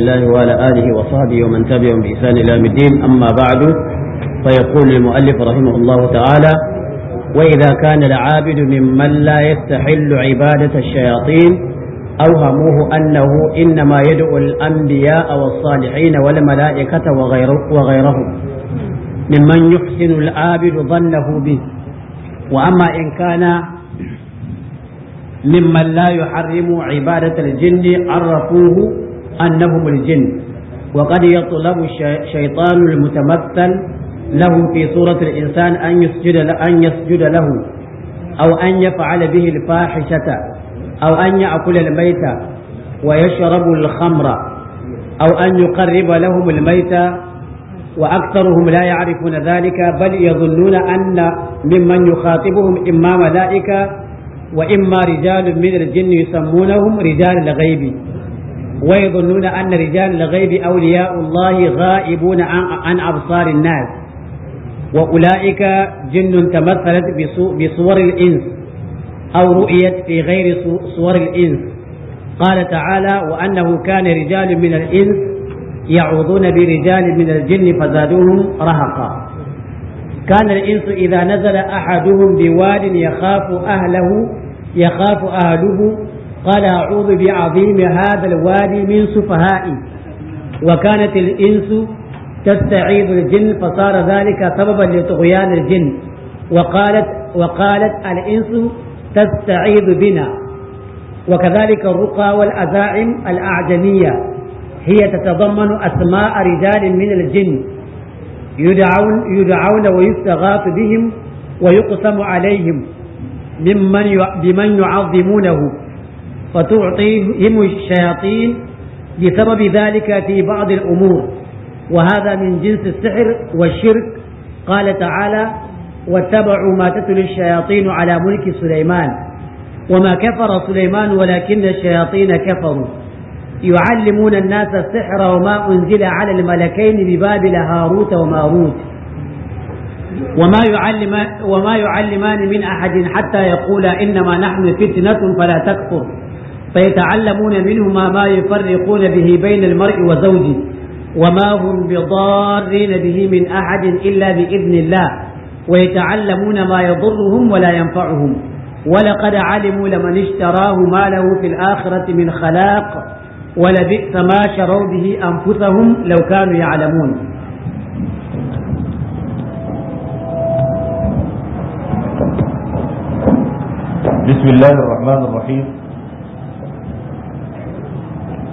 الله وعلى آله وصحبه ومن تبعهم بإحسان إلى يوم الدين أما بعد فيقول المؤلف رحمه الله تعالى وإذا كان العابد ممن لا يستحل عبادة الشياطين أوهموه أنه إنما يدعو الأنبياء والصالحين والملائكة وغيره وغيرهم ممن يحسن العابد ظنه به وأما إن كان ممن لا يحرم عبادة الجن عرفوه أنهم الجن وقد يطلب الشيطان المتمثل له في صورة الإنسان أن يسجد أن يسجد له أو أن يفعل به الفاحشة أو أن يأكل الميت ويشرب الخمر أو أن يقرب لهم الميت وأكثرهم لا يعرفون ذلك بل يظنون أن ممن يخاطبهم إما ملائكة وإما رجال من الجن يسمونهم رجال الغيب ويظنون أن رجال الغيب أولياء الله غائبون عن أبصار الناس وأولئك جن تمثلت بصور الإنس أو رؤيت في غير صور الإنس قال تعالى وأنه كان رجال من الإنس يعوضون برجال من الجن فزادوهم رهقا كان الإنس إذا نزل أحدهم بواد يخاف أهله يخاف أهله قال أعوذ بعظيم هذا الوادي من سفهائي وكانت الإنس تستعيد الجن فصار ذلك سببا لطغيان الجن وقالت وقالت الإنس تستعيد بنا وكذلك الرقى والأزاعم الأعجمية هي تتضمن أسماء رجال من الجن يدعون, يدعون ويستغاث بهم ويقسم عليهم ممن بمن يعظمونه فتعطيهم الشياطين بسبب ذلك في بعض الأمور وهذا من جنس السحر والشرك قال تعالى واتبعوا ما تتلو الشياطين على ملك سليمان وما كفر سليمان ولكن الشياطين كفروا يعلمون الناس السحر وما أنزل على الملكين ببابل هاروت وماروت وما يعلم وما يعلمان من أحد حتى يقولا إنما نحن فتنة فلا تكفر فيتعلمون منهما ما يفرقون به بين المرء وزوجه وما هم بضارين به من أحد إلا بإذن الله ويتعلمون ما يضرهم ولا ينفعهم ولقد علموا لمن اشتراه ما له في الآخرة من خلاق ولبئس ما شروا به أنفسهم لو كانوا يعلمون بسم الله الرحمن الرحيم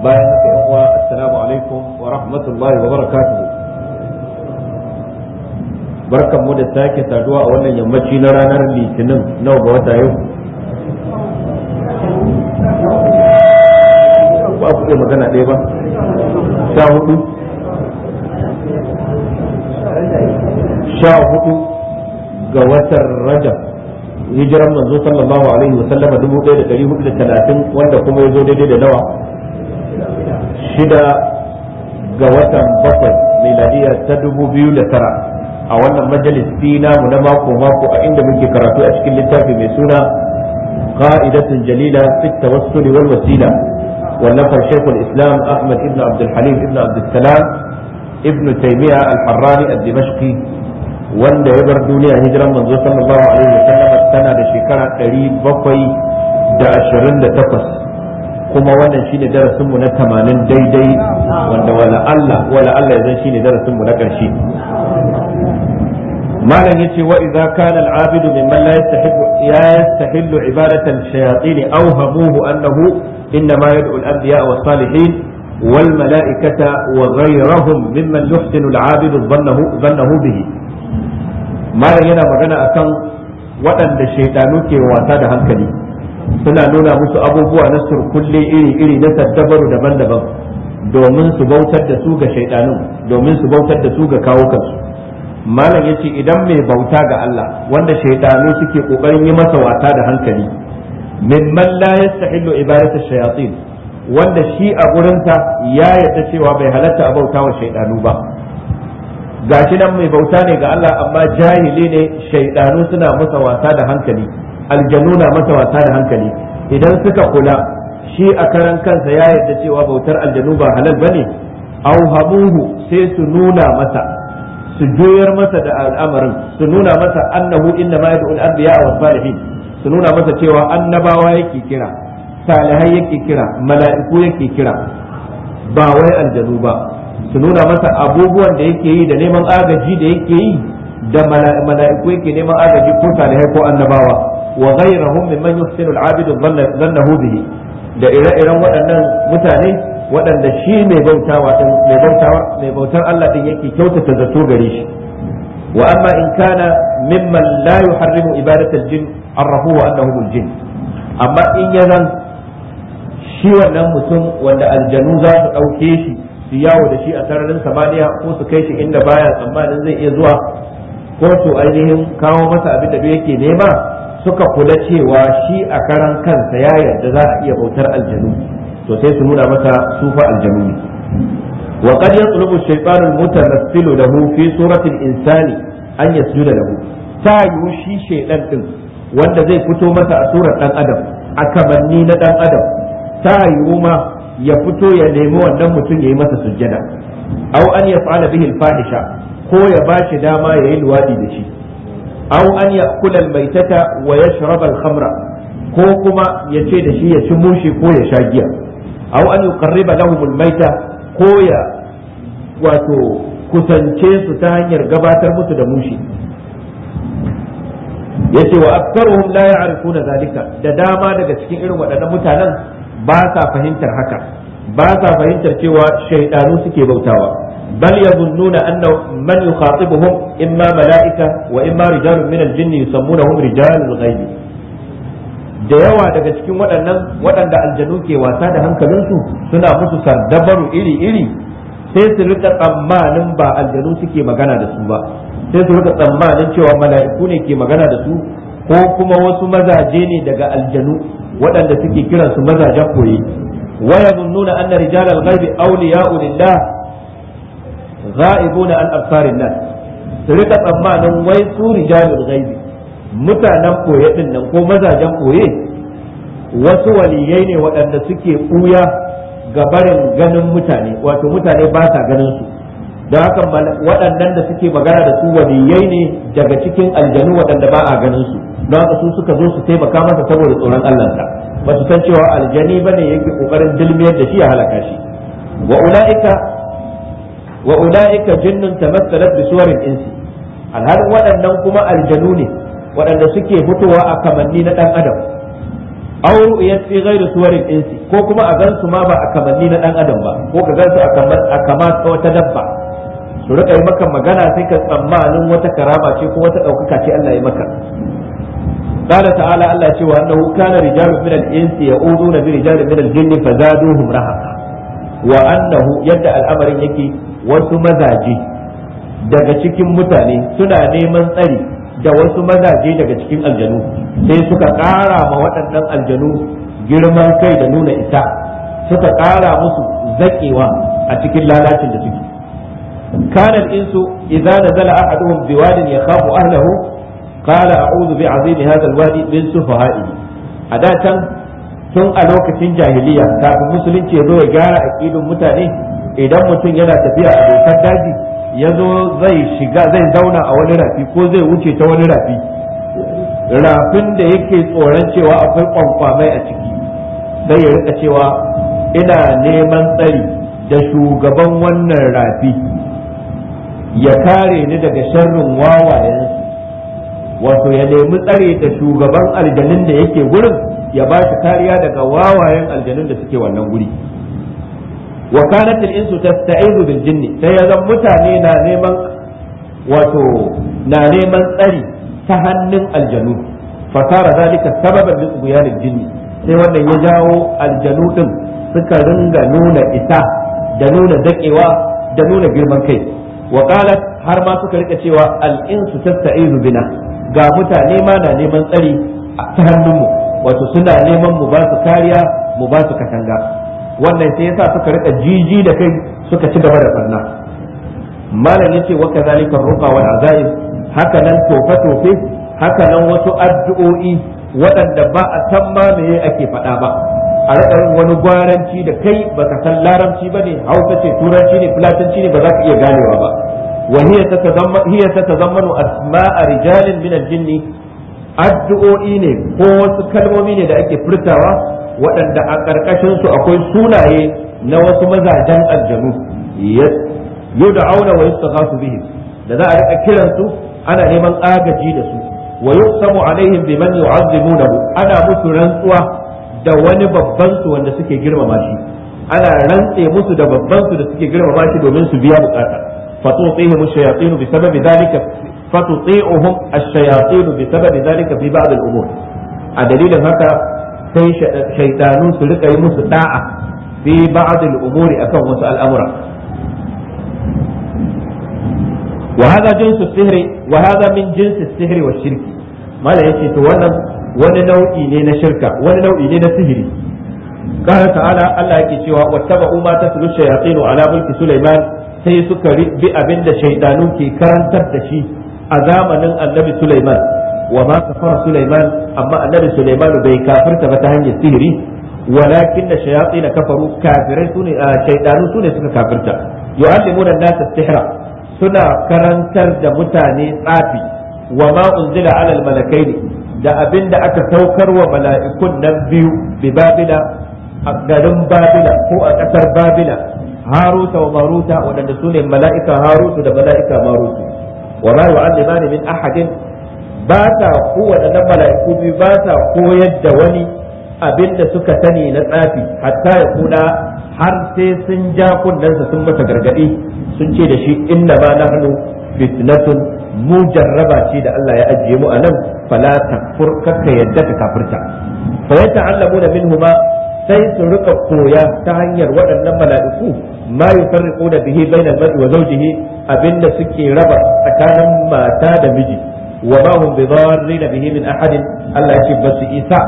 bayan haka yan uwa assalamu alaikum wa rahmatullahi wa barakatuhu barkan mu da sake saduwa a wannan yammaci na ranar litinin nawa ga wata yau ba ku iya magana ɗaya ba sha hudu sha hudu ga watan rajab hijiran manzo sallallahu alaihi wa sallama 1430 wanda kuma yazo daidai da nawa shida ga watan bakwai miladiya ta dubu biyu da tara a wannan majalisi namu na mako mako a inda muke karatu a cikin littafi mai suna qa'idatun jalila fit tawassul wal wasila wallafar shaykhul islam ahmad ibn abdul halim ibn abdul salam ibn taymiya al-harrani ad-dimashqi wanda ya bar duniya hijiran manzo sallallahu alaihi wasallam tana da shekara 728 kuma wannan shine darasin mu na 80 daidai wanda wala Allah wala Allah ya zan shine darasin mu na karshe malam yace wa idza kana al-abidu mimman la yastahibu ya yastahillu ibadatan shayatin aw hamuhu annahu innama yad'u al-anbiya wa salihin والملائكة وغيرهم ممن يحسن العابد ظنه ظنه به ما yana magana kan waɗanda shaidanu ke wasa da hankali suna nuna musu abubuwa na surkulle iri-iri na saddabaru daban-daban domin su bautar da su ga shaidanun domin su bautar da su ga kawo kansu malam ya ce idan mai bauta ga Allah wanda shaidanu suke kokarin yi masa wata da hankali mimman la yastahillu ibadatu shayatin wanda shi a gurinsa ya yarda cewa bai halatta a bauta wa shaidanu ba gashi nan mai bauta ne ga Allah amma jahili ne shaidanu suna masa wata da hankali aljanu na masa wasa da hankali idan suka kula shi a karan kansa ya yarda cewa bautar aljanu ba halal bane auhamuhu sai su nuna masa su juyar masa da al'amarin su nuna masa annahu inna ma yad'u al-anbiya wa salihin su nuna masa cewa annabawa yake kira salihai yake kira mala'iku yake kira ba wai aljanu ba su nuna masa abubuwan da yake yi da neman agaji da yake yi da mala'iku yake neman agaji ko salihai ko annabawa wa ghayrahum mimman yuhsinu al-abid bihi da ire-iren waɗannan mutane waɗanda shi mai bautawa mai bautawa mai bautar Allah din yake kyautata zato gare shi wa amma in kana mimman la yuharrimu ibadat jin arrahu wa annahu jin amma in yazan shi wannan mutum wanda aljanu za su ɗauke shi su yawo da shi a sararin samaniya ko su kai shi inda baya tsammanin zai iya zuwa ko su ainihin kawo masa abin da yake nema suka kula cewa shi a karan kansa ya yarda za a iya bautar aljanu to sai su nuna masa sufa aljanu ne wa qad yatlubu shaytanu al-mutamassilu lahu fi surati al-insani an yasjuda lahu ta yiwu shi shaydan din wanda zai fito masa a surar dan adam a kamanni na dan adam ta yiwu ma ya fito ya nemi wannan mutum ya yi masa sujjada aw an yaf'ala bihi al-fahisha ko ya bashi dama ya yi luwadi da shi aw an ya'kula al-maitata wa yashrab al-khamra ko kuma yace da shi ya ci mushi ko ya sha giya aw an yuqarriba lahum al ko ya wato kusance su ta hanyar gabatar musu da mushi yace wa aktharuhum la ya'rifuna zalika da dama daga cikin irin waɗannan mutanen ba sa fahimtar haka ba sa fahimtar cewa shaidanu suke bautawa بل يظنون أن من يخاطبهم إما ملائكة وإما رجال من الجن يسمونهم رجال الغيب da yawa daga cikin waɗannan waɗanda aljanu ke wasa da hankalinsu suna musu sardabaru iri-iri sai su rika tsammanin ba aljanu suke magana da su ba sai su rika tsammanin cewa mala'iku ne ke magana da su ko kuma wasu mazaje ne daga aljanu waɗanda suke kiransu mazajen koyi waya nuna anna rijalal ghaibi awliya'u lillah ghaibuna an afsarin nas su rika tsammanin wai su rijalul ghaibi mutanen koye din nan ko mazajen koye wasu waliyai ne waɗanda suke buya ga barin ganin mutane wato mutane ba ta ganin su don haka waɗannan da suke magana da su waliyai ne daga cikin aljanu waɗanda ba a ganin su don haka su suka zo su taimaka masa saboda tsoron Allah ta ba su san cewa aljani bane yake kokarin dilmiyar da shi ya halaka shi wa ulaika wa ulaika jinnun tamassalat bi suwarin insi alhalin waɗannan kuma aljanu ne waɗanda suke fitowa a kamanni na ɗan adam aw ru'yat fi ghairi suwarin insi ko kuma a gansu ma ba a kamanni na ɗan adam ba ko ka gansu a kama wata dabba su rika yi maka magana sai ka tsammanin wata karama ce ko wata ɗaukaka ce Allah ya maka قال تعالى الله سوى أنه كان رجال من الإنس يؤذون برجال من الجن wa annahu yadda يدعى الأمر yake. wasu mazaje daga cikin mutane suna neman tsari da wasu mazaje daga cikin aljanu sai suka ƙara ma waɗannan aljanu girman kai da nuna isa suka ƙara musu zaƙewa a cikin lalacin da suke kanan insu idza nazala ahaduhum biwadin yakhafu ahlahu qala a'udhu bi'azim hadha alwadi min sufaha'i can tun a lokacin jahiliya kafin musulunci ya zo ya gyara aƙidun mutane idan mutum yana tafiya a dokar daji ya zo zai shiga zai zauna a wani rafi ko zai wuce ta wani rafi rafin da yake tsoron cewa akwai kwankwamai a ciki sai ya rika cewa ina neman tsari da shugaban wannan rafi ya kare ni daga sharrin wawayensu wato ya nemi tsare da shugaban aljanun da yake wurin ya ba shi kariya daga wawayen aljanun da suke wannan guri wa kanat al-insu tasta'izu bil jinni sai ya zan mutane na neman wato na neman tsari ta hannun aljanu fasara zalika sababan li ughyanil jinni sai wannan ya jawo aljanu din suka ringa nuna ita da nuna dakewa da nuna girman kai wa qalat har ma suka rika cewa al-insu tasta'izu bina ga mutane ma na neman tsari ta hannunmu wato suna neman mu ba su kariya mu ba su katanga wannan sai yasa suka rika jiji da kai suka ci gaba da sanna malam yace wa kadhalika ruqa wal azaib haka nan tofa tofe haka nan wasu addu'o'i waɗanda ba a san ma meye ake faɗa ba a rika wani gwaranci da kai ba ka san larabci ba ne hausa ce turanci ne fulatanci ne ba za ka iya ganewa ba wa hiya tatazamma hiya tatazammanu asma'a rijalin min al-jinni addu'o'i ne ko wasu kalmomi ne da ake furtawa waɗanda a ƙarƙashinsu akwai sunaye na wasu mazajen aljanu yau da auna wa yusuf bihi da za a riƙa kiransu ana neman agaji da su wa yusamu alaihim bi man yu'azzimunahu ana musu rantsuwa da wani babban su wanda suke girmama shi ana rantse musu da babban su da suke girmama shi domin su biya bukata fatuqihim ash-shayatin bi sababi dhalika fatuqihum ash-shayatin bi sababi dalika fi ba'd al-umur a dalilin haka sai shaitanu su rika yi musu da'a fi ba'd al-umuri akan wasu al'amura wa hadha jinsu sihri wa hadha min jinsi sihri wa shirki mala yace to wannan wani nau'i ne na shirka wani nau'i ne na sihiri قال تعالى الله يكي واتبعوا ما تتلو الشياطين على ملك سليمان sai suka bi abinda da ke karantar da shi a zamanin annabi Sulaiman wa ma kafara Sulaiman amma annabi Sulaiman bai kafirta ba ta hanyar sihiri walakin da shayatin kafaru kafirai sune ah, shaydanu sune suka kafirta yu'allimuna an-nasa sihra suna karantar da mutane tsafi wa ma unzila ala al-malakaini da abinda aka saukar wa mala'ikun nan biyu bi babila a garin babila ko a ƙasar babila haruta wa maruta waɗanda su ne mala'ika harutu da mala'ika marutu wa ma yu'allimani min ahadin ba sa ko waɗannan mala'iku biyu ba sa koyar da wani abin da suka sani na tsafi hatta ya kuna har sai sun ja kunnensa sun masa gargaɗi sun ce da shi inna ma nahnu fitnatun mu jarraba ce da Allah ya ajiye mu a nan fala takfur kakka yadda ka kafirta fa minhu minhuma sai su rika koya ta hanyar waɗannan mala'iku ma da bihi bainal mar'i wa zawjihi abinda suke raba tsakanin mata da miji wa ma ba bidarrin bihi min ahadin Allah ya ce ba su isa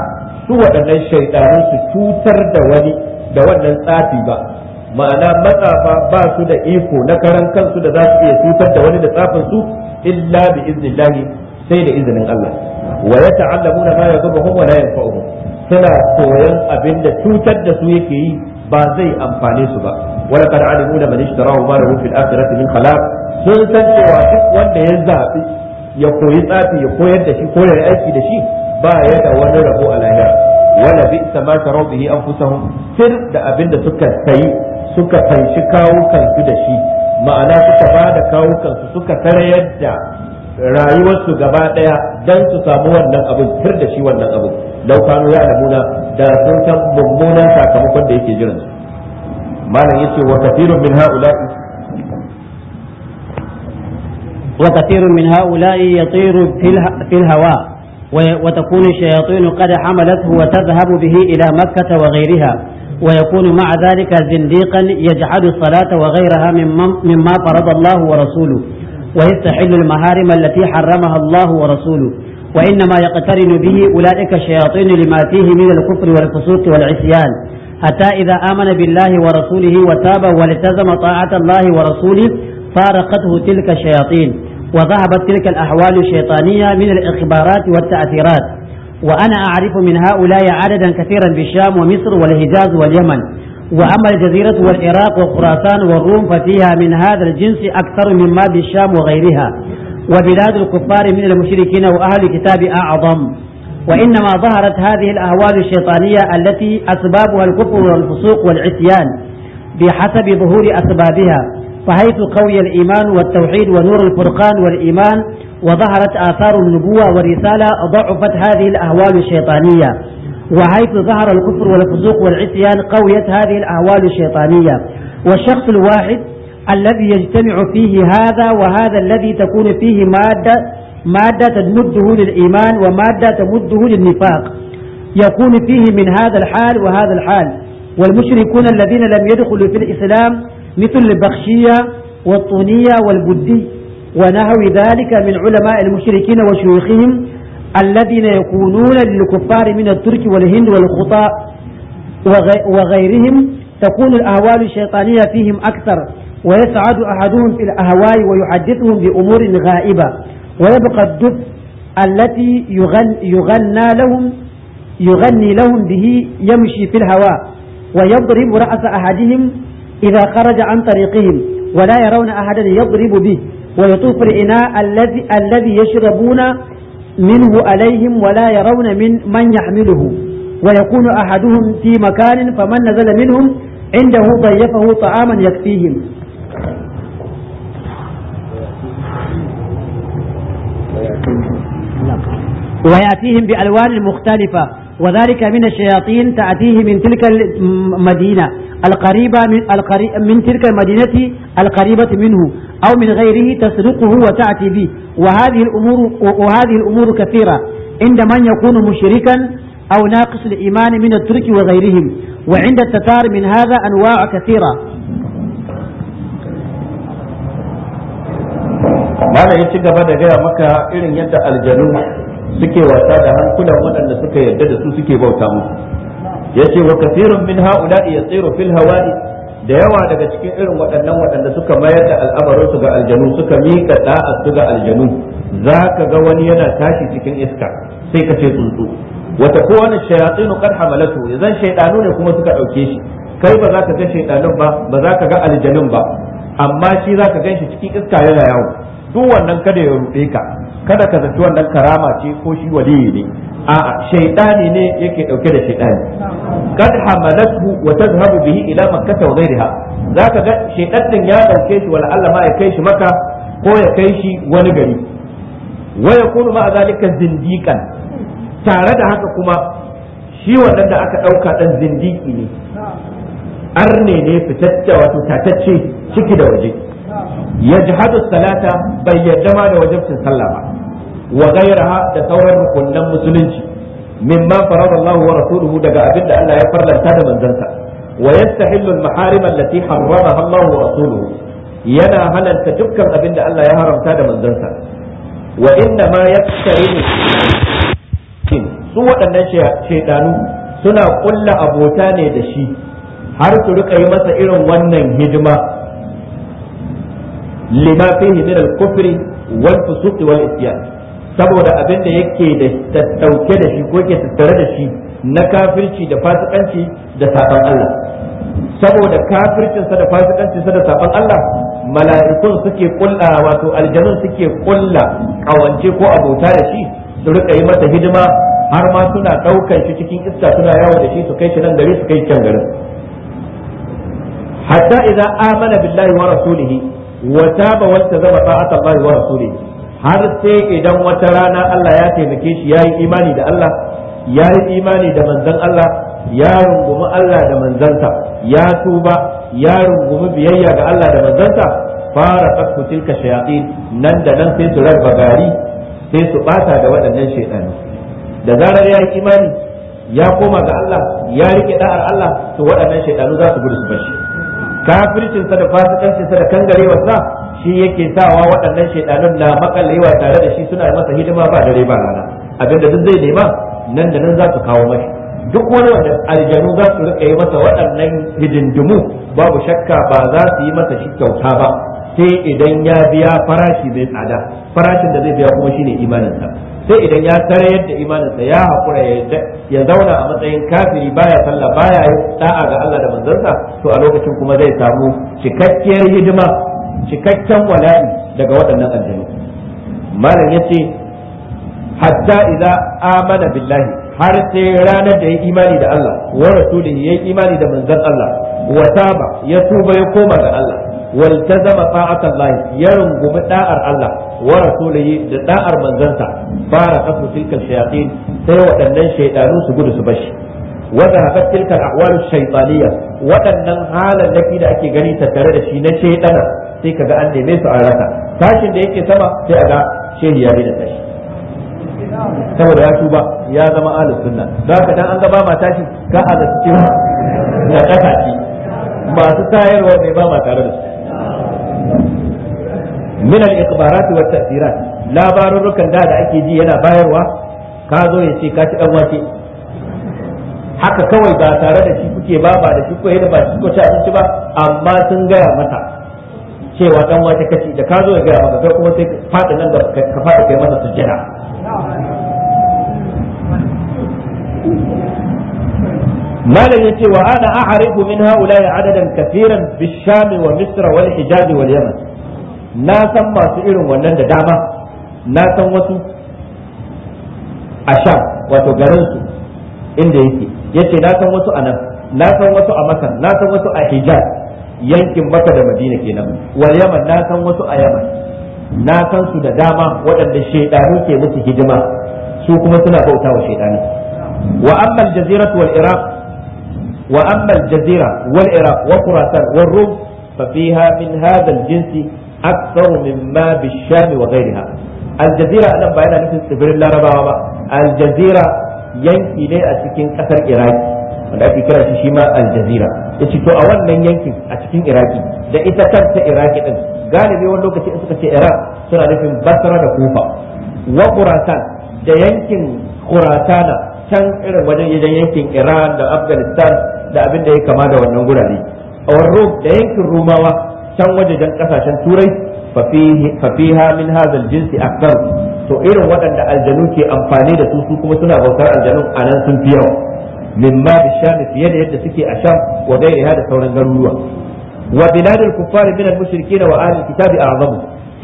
su waɗannan shaytanu su cutar da wannan tsafi ba ma'ana matsafa ba su da iko na karan kansu da za su iya cutar da wani da tsafin su illa bi iznillahi sai da izinin Allah wa yata'allamuna ma yadhurruhum wa la yanfa'uhum suna koyon abin cutar da su yake yi ba zai amfane su ba wala kad alimu da man ishtarahu ma lahu fil akhirati min khalaq sun san cewa duk wanda ya zabi ya koyi tsafi ya koyar da shi ko ya aiki da shi ba ya da wani rabo a lahira wala bi sama tarau bihi anfusahum sir da abin da suka sayi suka fanshi kawo kansu da shi ma'ana suka ba da kawo kansu suka tarayar da rayuwarsu gaba daya dan su samu wannan abin sir da shi wannan abin lau kanu ya alamuna da sun san mummunan sakamakon da yake jiran malam yace wa kathirun min ha'ula'i وكثير من هؤلاء يطير في الهواء وتكون الشياطين قد حملته وتذهب به إلى مكة وغيرها ويكون مع ذلك زنديقا يجعل الصلاة وغيرها مما فرض الله ورسوله ويستحل المهارم التي حرمها الله ورسوله وإنما يقترن به أولئك الشياطين لما فيه من الكفر والفسوق والعصيان حتى إذا آمن بالله ورسوله وتاب والتزم طاعة الله ورسوله فارقته تلك الشياطين وذهبت تلك الأحوال الشيطانية من الإخبارات والتأثيرات وأنا أعرف من هؤلاء عددا كثيرا بالشام ومصر والحجاز واليمن وأما الجزيرة والعراق وخراسان والروم ففيها من هذا الجنس أكثر مما بالشام وغيرها وبلاد الكفار من المشركين وأهل الكتاب أعظم وإنما ظهرت هذه الأهوال الشيطانية التي أسبابها الكفر والفسوق والعصيان بحسب ظهور أسبابها فحيث قوي الإيمان والتوحيد ونور الفرقان والإيمان وظهرت آثار النبوة والرسالة ضعفت هذه الأهوال الشيطانية وحيث ظهر الكفر والفسوق والعصيان قويت هذه الأهوال الشيطانية والشخص الواحد الذي يجتمع فيه هذا وهذا الذي تكون فيه مادة مادة تمده للإيمان ومادة تمده للنفاق يكون فيه من هذا الحال وهذا الحال والمشركون الذين لم يدخلوا في الإسلام مثل البخشية والطونية والبدي ونحو ذلك من علماء المشركين وشيوخهم الذين يكونون للكفار من الترك والهند والخطاء وغيرهم تكون الأهوال الشيطانية فيهم أكثر ويسعد أحدهم في الأهواء ويحدثهم بأمور غائبة ويبقى الدب التي يغن يغنى لهم يغني لهم به يمشي في الهواء ويضرب رأس أحدهم إذا خرج عن طريقهم ولا يرون أحدا يضرب به ويطوف الإناء الذي الذي يشربون منه عليهم ولا يرون من من يحمله ويكون أحدهم في مكان فمن نزل منهم عنده ضيفه طعاما يكفيهم ويأتيهم بألوان مختلفة وذلك من الشياطين تأتيه من تلك المدينة القريبة من, من تلك المدينة القريبة منه أو من غيره تسرقه وتأتي به وهذه الأمور وهذه الأمور كثيرة عند من يكون مشركا أو ناقص الإيمان من الترك وغيرهم وعند التتار من هذا أنواع كثيرة malam ya ci gaba da gaya maka irin yadda aljanu suke wasa da hankulan waɗanda suka yarda da su suke bauta musu ya ce wa kathirun min haula'i yasiru fil hawa'i da yawa daga cikin irin waɗannan waɗanda suka mayar da al'amarin su ga aljanu suka mika da'a su ga aljanu Za ka ga wani yana tashi cikin iska sai ka ce tsuntsu wata kowane shayatinu kad hamalatu zan shaidanu ne kuma suka ɗauke shi kai ba za ka ga shaidanun ba ba za ka ga aljanun ba amma shi za ka gan shi cikin iska yana yawo duk wannan kada ya ruɗe ka kada ka zanci wannan karama ce ko shi waliyi ne a'a shaidani ne yake dauke da shaidani. kad hamalathu wa tadhhabu bihi ila makkah wa ghayriha zaka ga shaytan din ya dauke shi wala Allah ma ya kai shi maka ko ya kai shi wani gari wa yakunu ma zalika zindiqan tare da haka kuma shi wannan da aka dauka dan zindiki ne arne ne fitacce wato tatacce ciki da waje yajhadu salata bai yadda ma da wajibcin sallah ba wa ghayraha da sauran rukunan musulunci mimma farada Allah wa rasuluhu daga abin da Allah ya farlanta da manzansa wa yastahillu al-maharim allati harramaha Allah wa yana halalta dukkan abin da Allah ya haramta da manzansa wa inna ma yaktarinu su waɗannan shaidanu suna ƙulla abota ne da shi har su rika yi masa irin wannan hidima lima fihi min al-kufri wal fusuq wal isyan saboda abin da yake da dauke da shi ko ke tattare da shi na kafirci da fasikanci da saban Allah saboda kafircinsa da fasikanci sa da saban Allah mala'ikun suke kulla wato aljanun suke kulla kawance ko abota da shi su rika yi mata hidima har ma suna daukar shi cikin iska suna yawo da shi su kai shi nan gari su kai can garin hatta idan amana billahi wa rasulihi wa taba wa tazaba ta'ata billahi wa rasulihi har sai idan wata rana Allah ya taimake shi ya yi imani da Allah ya yi imani da manzan Allah ya rungumi Allah da manzansa ya tuba ya rungumi biyayya ga Allah da manzansa fara tsakku tilka shayatin nan da nan sai su rarba gari sai su bata da waɗannan shaidanu da zarar ya yi imani ya koma ga Allah ya rike da'ar Allah to waɗannan shaidanu za su gudu su bashi kafircinsa da da fasikancinsa sa da kangarewarsa shi yake sawa waɗannan shaidanun na makalewa tare da shi suna masa hidima ba dare ba rana abinda duk zai nema nan da nan za su kawo mashi duk wani wanda aljanu za su rika yi masa waɗannan hidindimu babu shakka ba za su yi masa shi kyauta ba sai idan ya biya farashi mai tsada farashin da zai biya kuma shine imaninsa sai idan ya tare yadda imaninsa ya haƙura ya zauna a matsayin kafiri baya sallah baya da'a ga Allah da manzansa to a lokacin kuma zai samu cikakkiyar hidima cikakken wala'i daga waɗannan aljanu malam ce hatta idza amana billahi har sai ranar da ya imani da Allah wa rasulihi ya imani da manzon Allah wa taba ya tuba ya koma ga Allah wal zama ta'at Allah ya rungumi da'ar Allah wa rasulihi da da'ar manzansa fara kafu tilka shayatin sai waɗannan shaydanu su gudu su bashi وذهبت تلك الأحوال الشيطانية waɗannan halallaki da ake gani tattare da shi na shaidana sai ka ga an neme su an rasa tashin da yake sama sai a ga shehi ya da tashi saboda ya tuba ya zama ahlus sunna za ka dan an ga ba ma tashi ka a da cewa da kasa ci masu tayarwa ne ba ma tare da su min al-ikhbarat wa at-ta'thirat labarurrukan da da ake ji yana bayarwa ka zo ya ce ka ci dan wake haka kawai ba tare da shi kuke ba ba da shi yana ba shi kuke abinci ba amma sun gaya mata cewa dan wake kashi da ka zo ya gaya maka kai kuma sai ka fada nan ka fada kai masa sujjada malam yace wa ana a'rifu min haula'i adadan kafiran sham wa misr wal hijaz wal yaman na san masu irin wannan da dama na san wasu a sham wato garin su inda yake yace na san wasu a nan na san wasu a masar na san wasu a hijaz yankin maka da madina kenan wal yaman na san wasu a yaman na san su da dama waɗanda shaidanu ke musu hijima su kuma suna bauta wa shaidanu wa amma jaziratu wal iraq wa amma jazira wal iraq wa khurasan wal rum fa fiha min hadha al-jinsi aktharu mimma bi sham wa ghayriha al-jazira anan ba yana nufin tsibirin larabawa ba al-jazira yanki ne a cikin kasar Irak. wanda ake kira shi ma aljazira ya ce to a wannan yankin a cikin iraki da ita kanta iraki din galibi wani lokaci in suka ce iraq suna nufin basra da kufa wa kuratan da yankin kuratana can irin wajen yankin iran da afghanistan da abin da ya kama da wannan gurare a da yankin rumawa can wajen kasashen turai fafiha min hazal jinsi akthar to irin waɗanda aljanu ke amfani da su su kuma suna bautar aljanu a nan sun fi yawa min ma fiye da yadda suke a sham wa da sauran garuruwa wa biladul kuffar min al-mushrikeena wa ahli kitabi a'zamu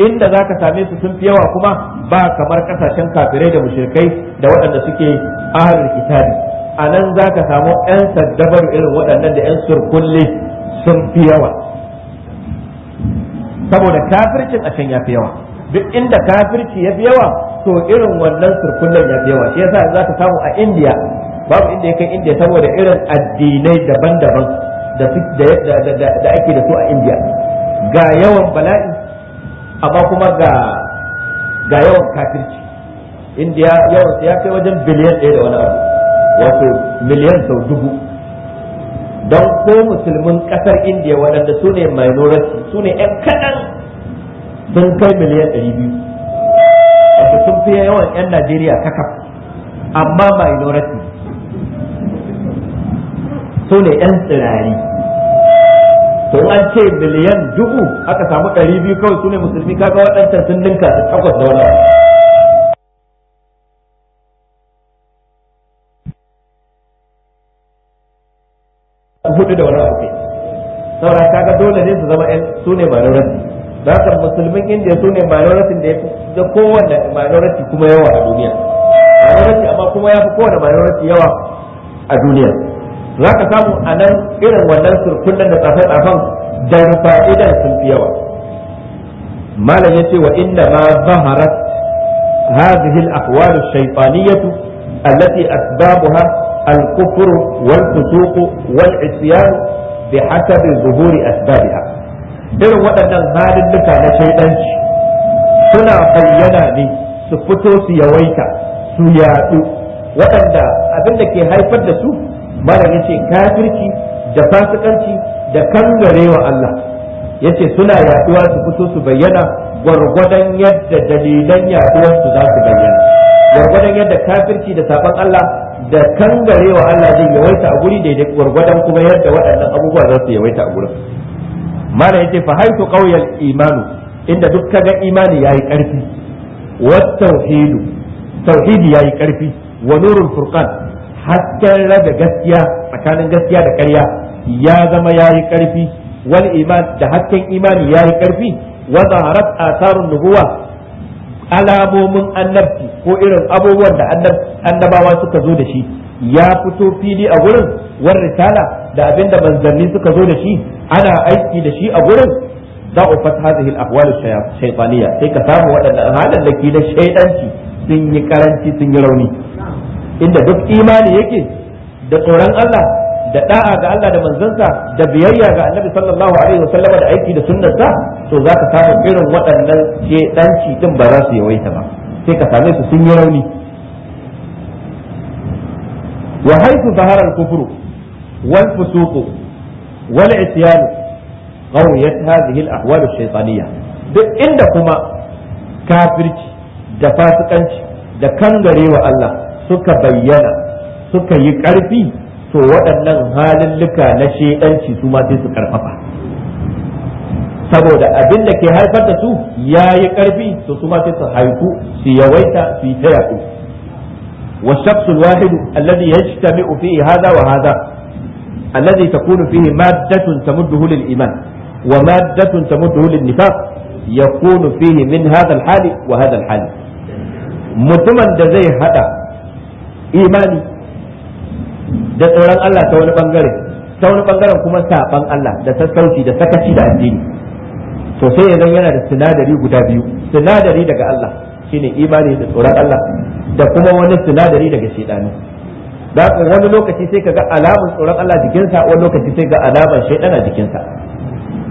inda zaka same su sun fi yawa kuma ba kamar kasashen kafirai da mushrikai da waɗanda suke ahlul kitabi a nan zaka samu 'yan saddabar irin waɗannan da 'yan surkulle sun fi yawa saboda kafircin a can ya fi yawa duk inda kafirci ya fi yawa to irin wannan surkullen ya fi yawa shi yasa za ka samu a indiya babu inda ya kai indiya saboda irin addinai daban-daban da ake da su a indiya ga yawan bala'i amma kuma ga yawan kafirci indiya yawan ya kai wajen biliyan ɗaya da wani abu wato miliyan sau dubu don ko musulmin ƙasar indiya waɗanda su ne minority su ne 'yan kaɗan sun kai miliyan ɗari biyu wato sun fi yawan 'yan najeriya kakaf amma minority su ne yan tsirari to an ce miliyan dubu aka samu ɗari biyu kawai su ne musulmi kaga waɗancan sun ninka su takwas da wani hudu da wani abu saura kaga dole ne su zama yan su ne minority za ka musulmin indiya su ne minority da ya fi da minority kuma yawa a duniya minority amma kuma ya fi kowane minority yawa a duniya za ka samu a nan irin wannan surkullen da tsafe-tsafen dan fa'idan sun fi yawa malam ya ce wa inda ma zaharat hadhihi al-aqwal ash-shaytaniyah allati asbabuha al-kufr wal-fusuq wal-isyan zuhuri ظهور أسبابها irin waɗannan halulluka na shaidanci suna bayyana ne su fito su yawaita su yaɗu waɗanda abin da ke haifar da su malam yace kafirci da fasikanci da kangarewa Allah yace suna yaduwa su fito su bayyana gwargwadon yadda dalilan yaduwar su za su bayyana gwargwadon yadda kafirci da sabon Allah da kangarewa Allah zai yawaita a guri daidai gwargwadon kuma yadda waɗannan abubuwa za su yawaita a gurin malam yace fa haitu qawyal imanu inda duk kaga imani yayi karfi wa tauhidu tauhidi yayi karfi wa nurul furqan hasken raga gaskiya tsakanin gaskiya da ƙarya ya zama yayi ƙarfi wal iman da hasken imani yayi ƙarfi wa zaharat asarun nubuwa alamomin annabci ko irin abubuwan da annabawa suka zo da shi ya fito fili a gurin war risala da abinda manzanni suka zo da shi ana aiki da shi a gurin ضعفت هذه الاحوال الشيطانيه sai ka samu waɗannan halin da ke da shaidanci sun yi karanci sun yi rauni inda duk imani yake da tsoron Allah da da'a ga Allah da manzansa da biyayya ga Annabi sallallahu alaihi wasallam da aiki da sunnarsa to ka samu irin waɗannan shedanci din ba za su yawaita ba sai ka same su sun yi rauni wa haythu zahara al-kufru wal fusuqu wal isyanu qawiyat hadhihi al-ahwal ash-shaytaniyya duk inda kuma kafirci da fasikanci da kangarewa Allah suka bayyana suka yi ƙarfi to waɗannan halilluka na shedanci su ma sai su karfafa saboda abin da ke haifar da su ya yi ƙarfi to su ma sai su haiku su yawaita su yi ta yaƙo wa shakhsul wahid alladhi yajtami'u fihi hadha wa hadha alladhi takunu fihi maddatun tamudduhu lil iman wa maddatun tamudduhu lin nifaq yakunu fihi min hadha hali wa hali mutumin da zai haɗa. imani da tsoron Allah ta wani bangare ta wani bangaren kuma saban Allah da sassauci da sakaci da addini to sai zan yana da sinadari guda biyu sinadari daga Allah shine imani da tsoron Allah da kuma wani sinadari daga shedanu da wani lokaci sai ka ga alamun tsoron Allah jikinsa wani lokaci sai ga alaman shaidan a jikinsa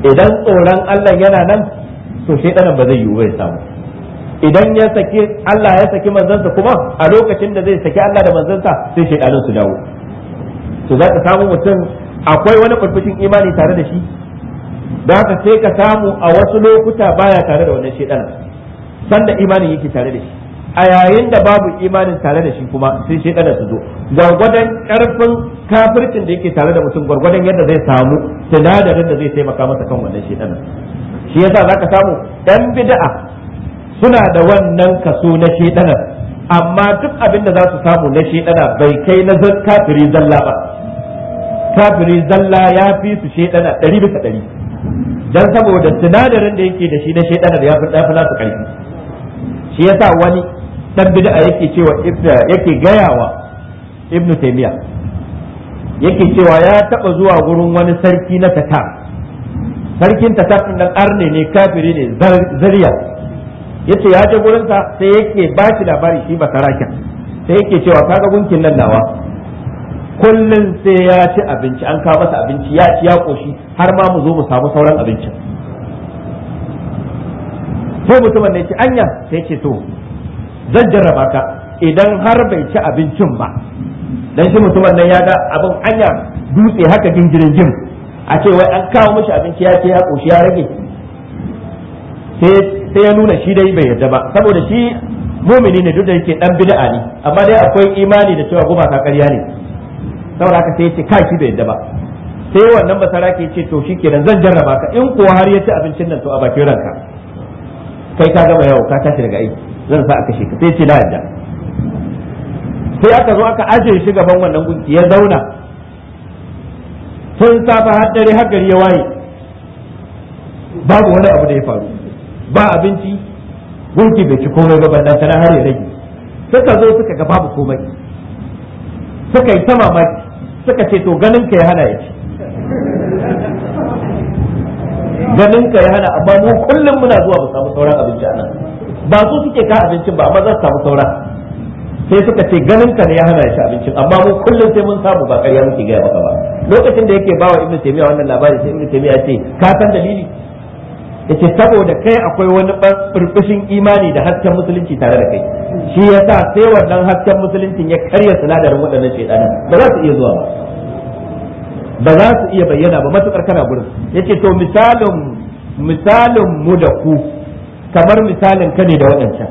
idan tsoron Allah yana nan to shaidanan ba zai yiwu ya samu idan ya saki Allah ya saki manzansa kuma a lokacin da zai saki Allah da manzansa sai shaidanin su dawo to za ka samu mutum akwai wani kurfushin imani tare da shi da haka sai ka samu a wasu lokuta baya tare da wannan shaidanin sanda imanin yake tare da shi a yayin da babu imanin tare da shi kuma sai shaidanin su zo gwargwadon karfin kafircin da yake tare da mutum gwargwadon yadda zai samu sinadarin da zai taimaka masa kan wannan shaidanin shi yasa zaka samu dan bid'a suna da wannan kaso na shedanar amma duk abin da za su samu na shedana bai kai na kafiri zalla ba kafiri zalla ya fi su shedana ɗari bisa ɗari don saboda sinadarin da yake da shi na shedanar ya fi su ƙarfi shi ya sa wani dan bid'a yake cewa yake gayawa ibnu taimiyya yake cewa ya taɓa zuwa gurin wani sarki na tatar sarkin tatar din arne ne kafiri ne zariya yace ya je gurin sa sai yake ba shi labari shi sarakin sai yake cewa ga gunkin nan nawa kullun sai ya ci abinci an ka masa abinci ya ci ya koshi har ma mu zo mu samu sauran abincin sai mutumin ne ce anya sai ce to zan jarraba ka idan har bai ci abincin ba dan shi mutumin nan ya ga abin anya dutse haka gingirin jim a ce wai an kawo mishi abinci ya ce ya koshi ya rage sai ya nuna shi dai bai yarda ba saboda shi mumini ne duk da yake dan bid'a ne amma dai akwai imani da cewa gumaka ƙarya ne saboda haka sai ya ce ka shi bai yarda ba sai wannan basara ke ce to shikenan zan jarraba ka in kuwa har ya ci abincin nan to a bakin ranka kai ka gama yau ka tashi daga aiki zan sa a kashe ka sai ce na yarda sai aka zo aka aje shi gaban wannan gunki ya zauna tun safa har dare har gari ya waye babu wani abu da ya faru ba abinci gunki bai ci komai ba banda tana har ya rage suka zo suka ga babu komai suka yi ta mamaki suka ce to ganin ka ya hana ya ci ganin ka ya hana amma mu kullum muna zuwa mu samu sauran abinci a nan ba su suke ka abincin ba amma za su samu sauran sai suka ce ganin ka ne ya hana ya ci abincin amma mu kullum sai mun samu ba ƙarya muke gaya maka ba lokacin da yake bawa ibnu taymiya wannan labari sai ibnu taymiya ya ce ka san dalili yace saboda kai akwai wani burbushin imani da hasken musulunci tare da kai shi yasa sai wannan hasken musuluncin ya karya sinadarin waɗannan shaidanin ba za su iya zuwa ba ba za su iya bayyana ba matukar kana gurin yace to misalin misalin mu da ku kamar misalin ka ne da waɗancan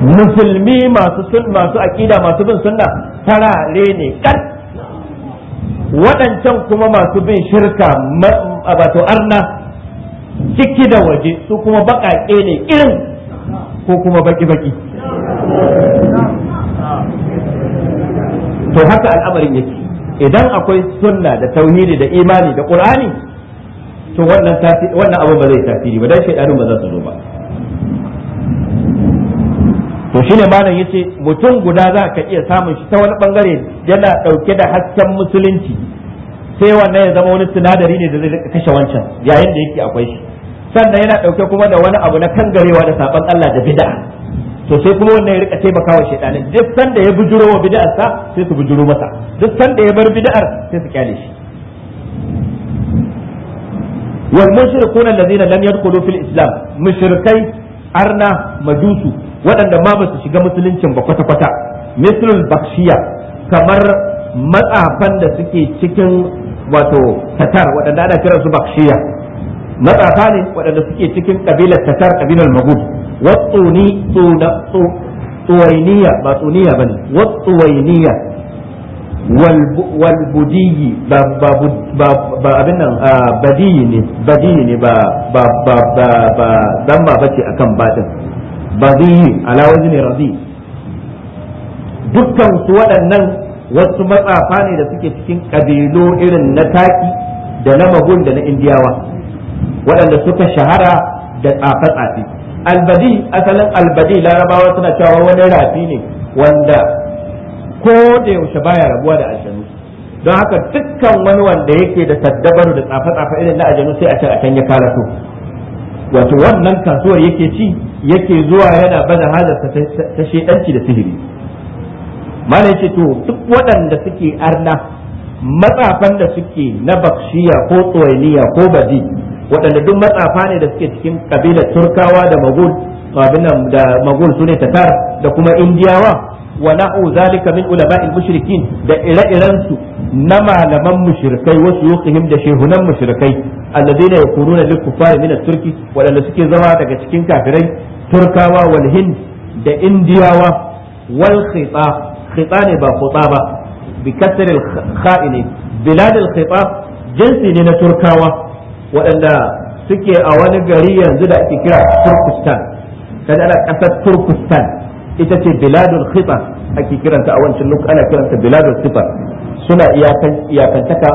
musulmi masu sun masu aqida masu bin sunna tarare ne kar waɗancan kuma masu bin shirka wato arna ciki da waje su kuma baƙaƙe ne irin ko kuma baƙi baki to haka al'amarin yake idan akwai sunna da tauhidi da imani da ƙur'ani to wannan abin ba zai tasiri ba dan shaidanin ba za su zo ba shi ne malam yace mutum guda za ka iya samun shi ta wani bangare yana dauke da hasken musulunci sai wannan ya zama wani sinadari ne da zai kashe wancan yayin da yake akwai shi sannan yana dauke kuma da wani abu na kangarewa da saban Allah da bid'a to sai kuma wannan ya rika taimakawa shaytanin duk sanda ya bujuro wa bid'ar sa sai su bujuro masa duk sanda ya bar bid'ar sai su kyale shi wal mushrikuna alladhina lam yadkhulu fil islam mushrikai arna majusu waɗanda ma ba su shiga musuluncin ba kwata-kwata mislul bakshiya kamar matsafan da suke cikin wato tatar waɗanda ana kiran su bakshiya matsafa ne waɗanda suke cikin ƙabilar tatar ƙabilar magub watsuni tsuwainiya ba tsuniya ba ne watsuwainiya walbudiyi ba abin nan badiyi ne badiyi ne ba ba ba ba ba ba ce akan batin bazihin ala ne rabi dukkan su waɗannan wasu matsafa ne da suke cikin ƙabilu irin na taki da na magun da na indiyawa waɗanda suka shahara da tsafe-tsafe albadi asalin albadi larabawa suna cewa wani rafi ne wanda ko da yaushe baya rabuwa da aljanu don haka dukkan wani wanda yake da saddabaru da tsafe-tsafe irin na aljanu sai a can a can ya karato wato wannan kasuwar yake ci yake zuwa yana bada halarsa ta shedanci da sihiri mana yake to duk waɗanda suke arna matsafan da suke na bakshiya ko tsoyaniya ko badi waɗanda duk matsafa ne da suke cikin kabilar turkawa da magul da magul su ne tatar da kuma indiyawa wa na'u zalika min ulama'il mushrikin da ire-iren su na malaman mushrikai wa suyukhihim da shehunan mushrikai alladheena yakununa lil kuffari min at-turki waɗanda suke zama daga cikin kafirai turkawa wal da indiyawa wal khita khita ne ba ko ba bi kasr al kha'ini bilad al jinsi ne na turkawa waɗanda suke a wani gari yanzu da ake kira turkistan kada ana kasar ita ce biladul khifa ake kiranta a wancan lokaci ana kiranta biladul khifa suna iyakantaka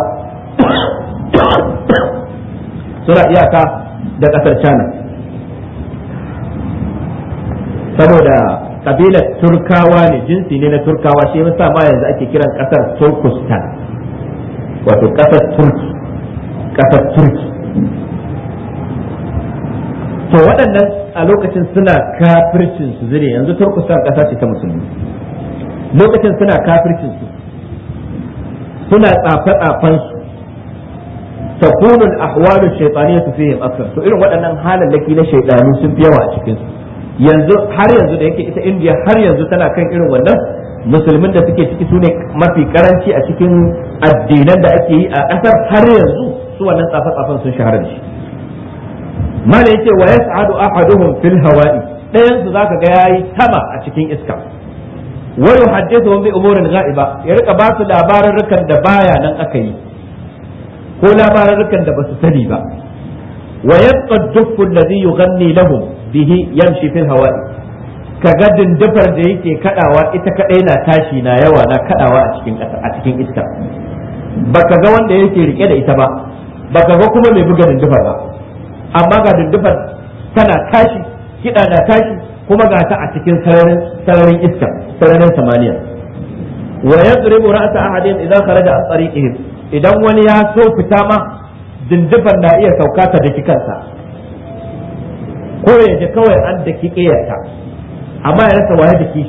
suna iyaka da kasar China saboda kabilar turkawa ne jinsi ne na turkawa shi yasa ma yanzu ake kiran kasar turkustan wato kasar turki kasar turki to waɗannan a lokacin suna kafircin su zire yanzu san ƙasa ce ta musulmi lokacin suna kafircin su suna tsafe tsafen su takunu al-ahwalu shaytaniyya fihim akthar to irin waɗannan halallaki na shaytanu sun fi yawa a cikin su yanzu har yanzu da yake ita India har yanzu tana kan irin wannan musulmin da suke ciki sune mafi karanci a cikin addinan da ake yi a ƙasar har yanzu su wannan tsafe tsafen sun shahara da shi mala yake wa yas'adu ahaduhum fil hawa'i dayan su zaka ga yayi tama a cikin iska wa yuhaddithu bi umurin ghaiba ya rika ba su labaran rukan da baya nan aka yi ko labaran rukan da basu sani ba wa yabqa ad-duffu alladhi yughanni lahum bihi yamshi fil hawa'i kaga dindifar da yake kadawa ita kadai na tashi na yawa na kadawa a cikin a cikin iska baka ga wanda yake rike da ita ba baka ga kuma mai buga dindifar ba amma ga dindifar tana tashi kiɗa na tashi kuma ga ta a cikin sararin iska sararin samaniya wa yadribu ra'sa ahadin idan kharaja an tariqihim idan wani ya so fita ma dindifar na iya sauka ta da kansa ko ya ji kawai an daki kiyarta amma ya rasa waye da shi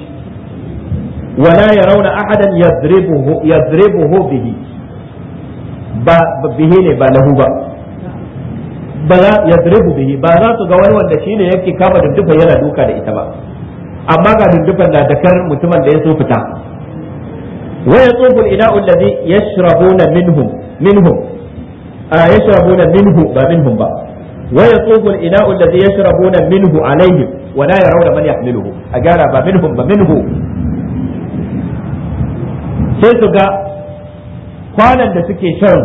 wala yarawna ahadan yadribuhu yadribuhu bihi ba bihi ne ba lahu ba ba za ya dribu bihi ba za su ga wani wanda shi ne yake kama dindufan yana duka da ita ba amma ga dindufan na dakar mutumin da ya so fita wa yatufu al-ina'u alladhi yashrabuna minhum minhum yashrabuna minhu ba minhum ba wa yatufu ina inau alladhi yashrabuna minhu alaihim wa la yarawna man yahmiluhu a gara ba minhum ba minhu sai su ga kwanan da suke shan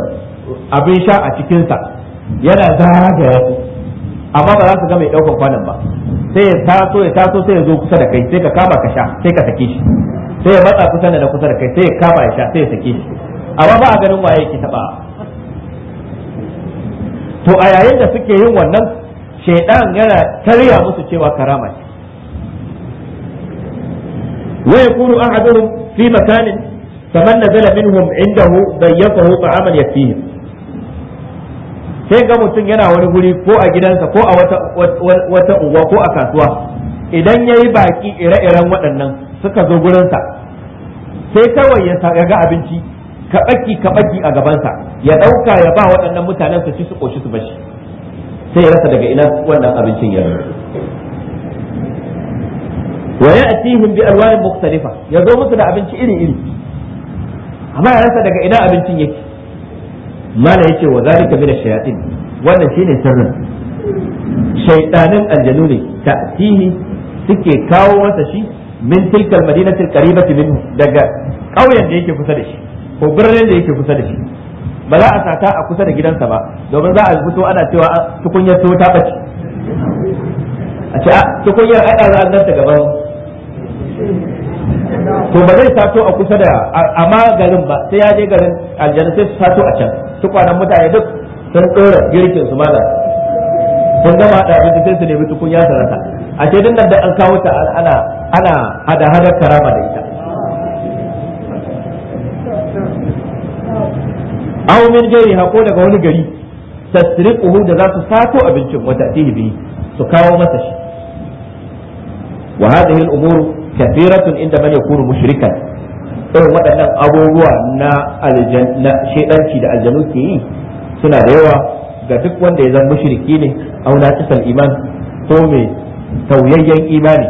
abin sha a cikinsa yana zagaya amma ba za su ga mai daukan kwanan ba sai ya taso ya taso sai ya zo kusa da kai sai ka kama ka sha sai ka sake shi sai ya matsa kusa da kusa da kai sai ya kama ya sha sai ya sake shi amma ba a ganin waye yake taba to a yayin da suke yin wannan shaidan yana tarya musu cewa karama ce wa yakunu ahadun fi makanin faman nazala minhum indahu dayyafahu ta'aman yatim sai ga mutum yana wani guri ko a gidansa ko a wata unguwa ko a kasuwa idan ya yi baki ire-iren waɗannan suka zo gurinsa sai kawai ya ga abinci kaɓaki kaɓaki a gabansa ya ɗauka ya ba waɗannan mutanen su ci su ƙoshi su bashi sai ya rasa daga ina wannan abincin ya wa ya'tihim bi alwanin mukhtalifa ya zo musu da abinci iri iri amma ya rasa daga ina abincin yake mala yace wa zalika min ash-shayatin wannan shine sirrin shaytanin aljanu ne ta'tihi suke kawo masa shi min tilkal madinati al-qaribati daga ƙauyen da yake kusa da shi ko birnin da yake kusa da shi ba za a sata a kusa da gidansa ba domin za a fito ana cewa ah, tukunyar to ta bace a ce ah, tukunyar ai da an ta gaban to ba zai sato a kusa da amma garin ba sai ya je garin aljanna sai su sato a can tukwanan mutane duk sun tsora girkin su mana sun gama da abinci sai su nemi tukun ya sarata a ce din da an kawo ta ana ana hada hadar karama da ita aw min hako daga wani gari tasriquhu da za su sato abincin wata tihi bi su kawo masa shi wa hadhihi al-umur kathiratun inda man yakunu mushrikan irin waɗannan abubuwa na shaidanci da aljanu ke yi suna da yawa ga duk wanda ya zama mushriki ne aw na tasal iman ko mai tauyayyen imani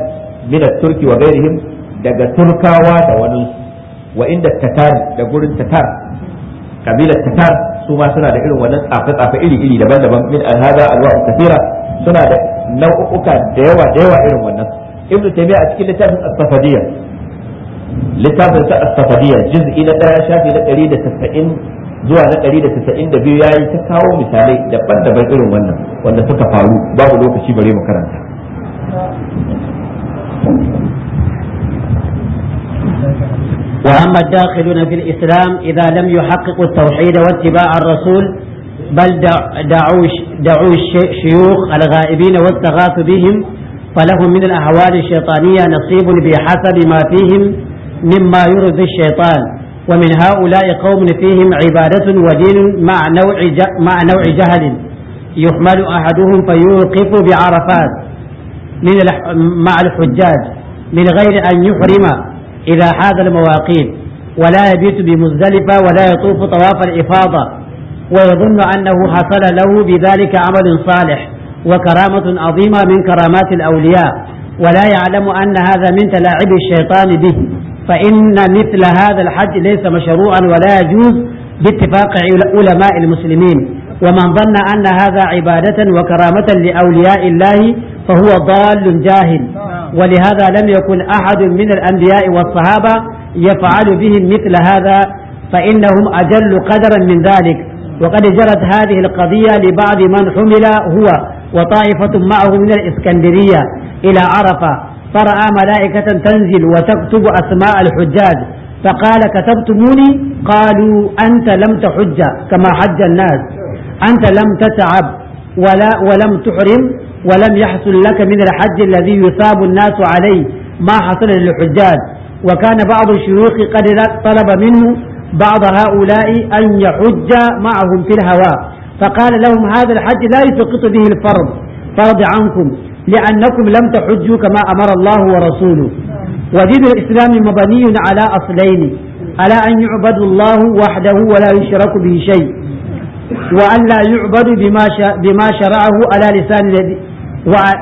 min turki wa gairihim daga turkawa da wani wa inda tatar da gurin tatar kabilar tatar su ma suna da irin wannan tsafe-tsafe iri-iri daban-daban min alhaza alwa kafira suna da nau'uka da yawa da yawa irin wannan ibnu taymiya a cikin littafin as-safadiyya littafin sa as juz'i na daya shafi na 190 zuwa na 192 yayi ta kawo misalai daban-daban irin wannan wanda suka faru babu lokaci bare mu karanta وأما الداخلون في الإسلام إذا لم يحققوا التوحيد واتباع الرسول بل دعوا دعوا الشيوخ الغائبين والتغاث بهم فلهم من الأهوال الشيطانية نصيب بحسب ما فيهم مما يرضي الشيطان ومن هؤلاء قوم فيهم عبادة ودين مع نوع مع نوع جهل يحمل أحدهم فيوقف بعرفات من مع الحجاج من غير أن يحرم إذا حاز المواقيت ولا يبيت بمزدلفة ولا يطوف طواف الإفاضة ويظن أنه حصل له بذلك عمل صالح وكرامة عظيمة من كرامات الأولياء ولا يعلم أن هذا من تلاعب الشيطان به فإن مثل هذا الحج ليس مشروعا ولا يجوز باتفاق علماء المسلمين ومن ظن أن هذا عبادة وكرامة لأولياء الله فهو ضال جاهل ولهذا لم يكن أحد من الأنبياء والصحابة يفعل بهم مثل هذا فإنهم أجل قدرا من ذلك وقد جرت هذه القضية لبعض من حمل هو وطائفة معه من الإسكندرية إلى عرفة فرأى ملائكة تنزل وتكتب أسماء الحجاج فقال كتبتموني قالوا أنت لم تحج كما حج الناس أنت لم تتعب ولا ولم تحرم ولم يحصل لك من الحج الذي يصاب الناس عليه ما حصل للحجاج وكان بعض الشيوخ قد طلب منه بعض هؤلاء أن يحج معهم في الهواء فقال لهم هذا الحج لا يسقط به الفرض فرض عنكم لأنكم لم تحجوا كما أمر الله ورسوله ودين الإسلام مبني على أصلين على أن يعبد الله وحده ولا يشرك به شيء وأن لا يعبد بما بما شرعه على لسان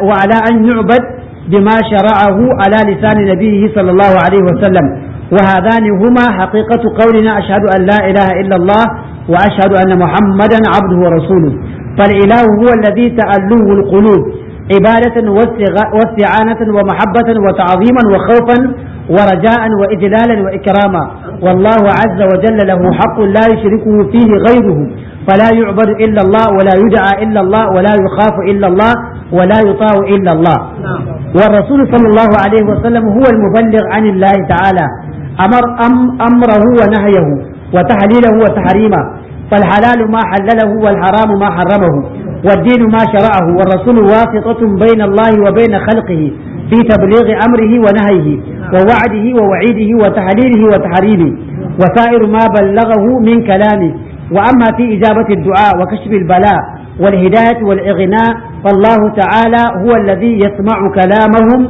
وعلى أن يعبد بما شرعه على لسان نبيه صلى الله عليه وسلم وهذان هما حقيقة قولنا أشهد أن لا إله إلا الله وأشهد أن محمدا عبده ورسوله فالإله هو الذي تألوه القلوب عبادة واستعانة ومحبة وتعظيما وخوفا ورجاء وإجلالا وإكراما والله عز وجل له حق لا يشركه فيه غيره فلا يعبد إلا الله ولا يدعى إلا الله ولا يخاف إلا الله ولا يطاع إلا الله نعم. والرسول صلى الله عليه وسلم هو المبلغ عن الله تعالى أمر أم أمره ونهيه وتحليله وتحريمه فالحلال ما حلله والحرام ما حرمه والدين ما شرعه والرسول واسطة بين الله وبين خلقه في تبليغ أمره ونهيه ووعده ووعيده وتحليله وتحريمه وسائر ما بلغه من كلامه وأما في إجابة الدعاء وكشف البلاء والهداية والإغناء فالله تعالى هو الذي يسمع كلامهم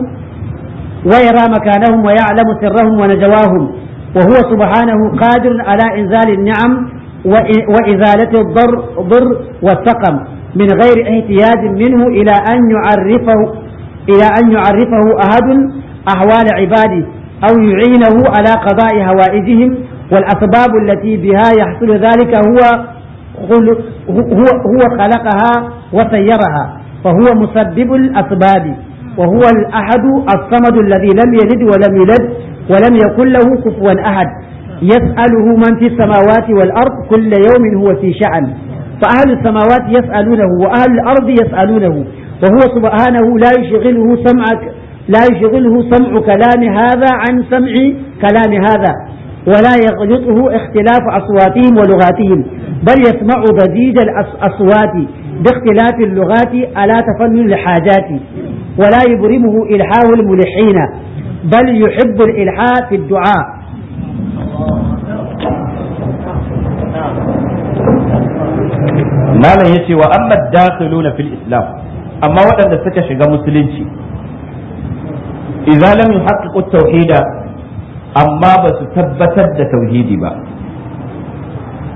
ويرى مكانهم ويعلم سرهم ونجواهم وهو سبحانه قادر على إنزال النعم وإزالة الضر ضر والسقم من غير احتياج منه إلى أن يعرفه إلى أن يعرفه أحد أحوال عباده أو يعينه على قضاء هوائجهم والأسباب التي بها يحصل ذلك هو هو هو خلقها وسيرها فهو مسبب الأسباب وهو الأحد الصمد الذي لم يلد ولم يلد ولم يكن له كفوا أحد يسأله من في السماوات والأرض كل يوم هو في شأن فأهل السماوات يسألونه وأهل الأرض يسألونه وهو سبحانه لا يشغله سمعك لا يشغله سمع كلام هذا عن سمع كلام هذا ولا يغلطه اختلاف أصواتهم ولغاتهم بل يسمع ضجيج الأصوات باختلاف اللغات ألا تفنن لحاجات ولا يبرمه إلحاه الملحين بل يحب الإلحاء في الدعاء ya ce wa amma dakhiluna fil islam amma waɗanda suka shiga musulunci idza lam yuhaqqiqu tauhida amma ba su tabbatar da tauhidi ba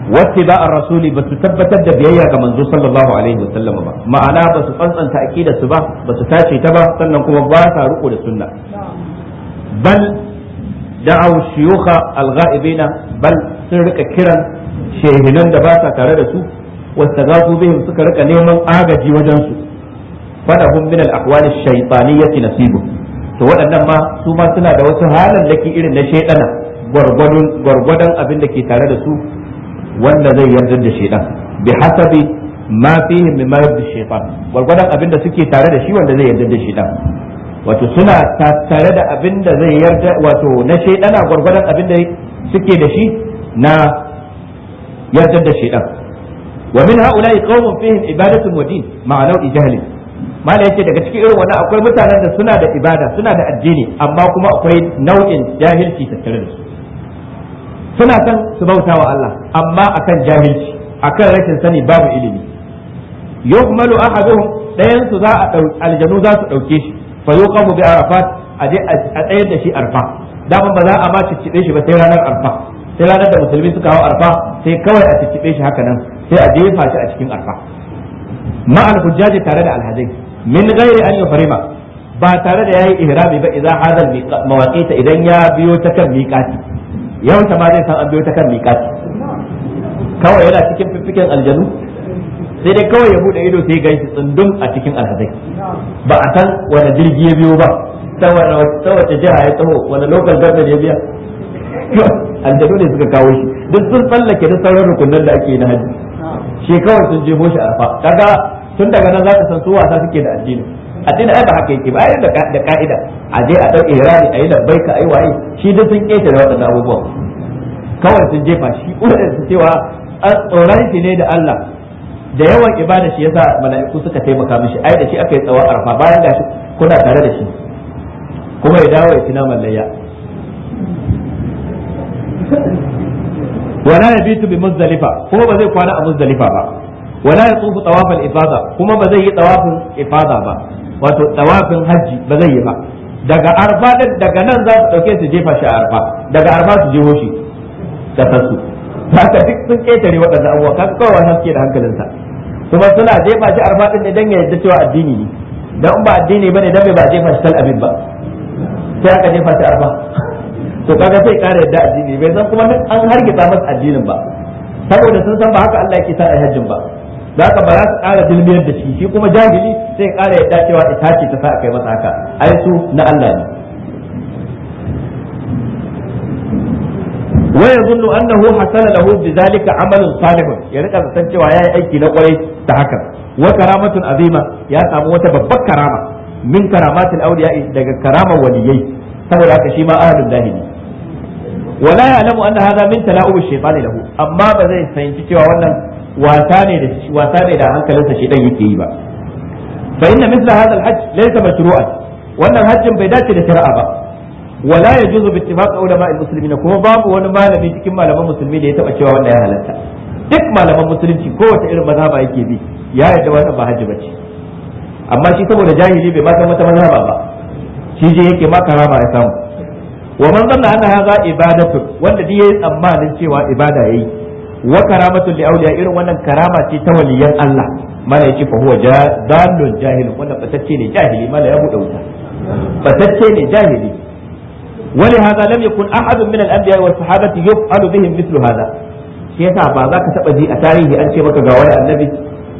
ba a rasuli ba su tabbatar da biyayya ga manzo sallallahu alaihi wasallam ba ma'ana ba su tsantsanta aqida su ba ba su tace ta ba sannan kuma ba sa riko da sunna bal da'aw shuyukha al-ghaibina bal sun rika kiran shehinan da ba sa tare da su wastaghasu bihim suka rika neman agaji wajen su fadahum min al-aqwal ash-shaytaniyyati nasibun to waɗannan ma su ma suna da wasu da ke irin na shaydana gwargwadon abin da ke tare da su wanda zai yarda da shaydan bi hasabi ma fihim mimma yarda shaytan gwargwadon abin da suke tare da shi wanda zai yarda da shaydan wato suna tare da abin da zai yarda wato na shaydana gwargwadon abin da suke da shi na yarda da shaydan wa min haula'i qaumun fihim ibadatun wa din ma'a nau'i jahlin mala yace daga ciki irin wannan akwai mutanen da suna da ibada suna da addini amma kuma akwai nau'in jahilci tattare da su suna san su bauta wa Allah amma akan jahilci akan rashin sani babu ilimi yuhmalu ahaduhum dayan su aljanu za su dauke shi fa yuqamu bi a tsayar da shi arfa daman ba za a ma ciccibe shi ba sai ranar arfa sai ranar da musulmi suka hau arfa sai kawai a ciccibe shi hakanan. sai a jefa shi a cikin arfa ma al-hujjaji tare da alhazai min ghairi an yufrima ba tare da yayi ihrami ba idan hada mawaqita idan ya biyo ta kan miqati yawan ma zai san an biyo ta kan miqati kawai yana cikin fifikin aljanu sai dai kawai ya bude ido sai gaishe tsundum a cikin alhazai ba a san wani jirgi ya biyo ba ta wace jiha ya taho wani local government ya biya aljanu ne suka kawo shi duk sun tsallake da sauran rukunan da ake na hajji shekaru sun je moshi arfa kaga tun daga nan zaka san su wasa suke da addini addini ai ba haka yake ba ai da ka'ida a je a dauke a ayi da baika ayi waye shi duk sun keta da wadannan abubuwa kawai sun jefa shi ko su cewa ah, tsoran shi ne da Allah da yawan ibada shi yasa mala'iku suka taimaka mishi ai da shi aka yi tsawon arfa bayan gashi kuna tare da shi kuma ya dawo ya ci naman layya wala yabitu bi muzdalifa kuma ba zai kwana a muzdalifa ba wala yatufu tawafal ifada kuma ba zai yi tawafin ifada ba wato tawafin hajji ba zai yi ba daga arfa daga nan za su dauke su jefa shi a arfa daga arfa su jeho shi da tasu haka duk sun ketare waɗannan abubuwa kaga haske da hankalinsa kuma suna jefa shi arfa din ne dan ya cewa addini ne dan ba addini bane ba jefa shi ba aka jefa shi arfa to kaga sai kare yadda addini bai san kuma an hargitsa masa addinin ba saboda sun san ba haka Allah yake sa a hajjin ba za ka ba za su kara dilmiyar da shi shi kuma jahili sai kara yadda cewa ita ce ta sa kai masa haka ai su na Allah ne wa yazunnu annahu hasala lahu bidhalika amalun salih ya rika san cewa yayi aiki na kwarai da haka wa karamatun azima ya samu wata babbar karama min karamatul awliya daga karamar waliyai saboda haka shi ma ahlul dahili wala lamu anna hadha min tala'ub ash-shaytani lahu amma ba zai fahimci cewa wannan wasa ne da wasa ne da hankalinsa dan yake yi ba fa inna mithla hadha al-hajj laysa mashru'an wannan hajjin bai dace da shari'a ba wala yajuzu bi ittifaq ulama al-muslimin kuma babu wani malami cikin malaman musulmi da ya taba cewa wannan ya halatta duk malaman musulunci kowace irin mazhaba yake bi ya yadda wannan ba hajji bace amma shi saboda jahili bai ma san wata mazhaba ba shi je yake ma karama ya samu wa man zanna anna hadha ibadatu wanda dai yayi tsammanin cewa ibada yayi wa karamatu li awliya irin wannan karama ce ta waliyan Allah mana yace fa huwa dalun jahil wannan batacce ne jahili mala ya buɗe wuta batacce ne jahili ولهذا لم يكن أحد من الأنبياء والصحابة يفعل بهم مثل هذا كيف ba za ka taɓa ji a tarihi an ce maka ga wani annabi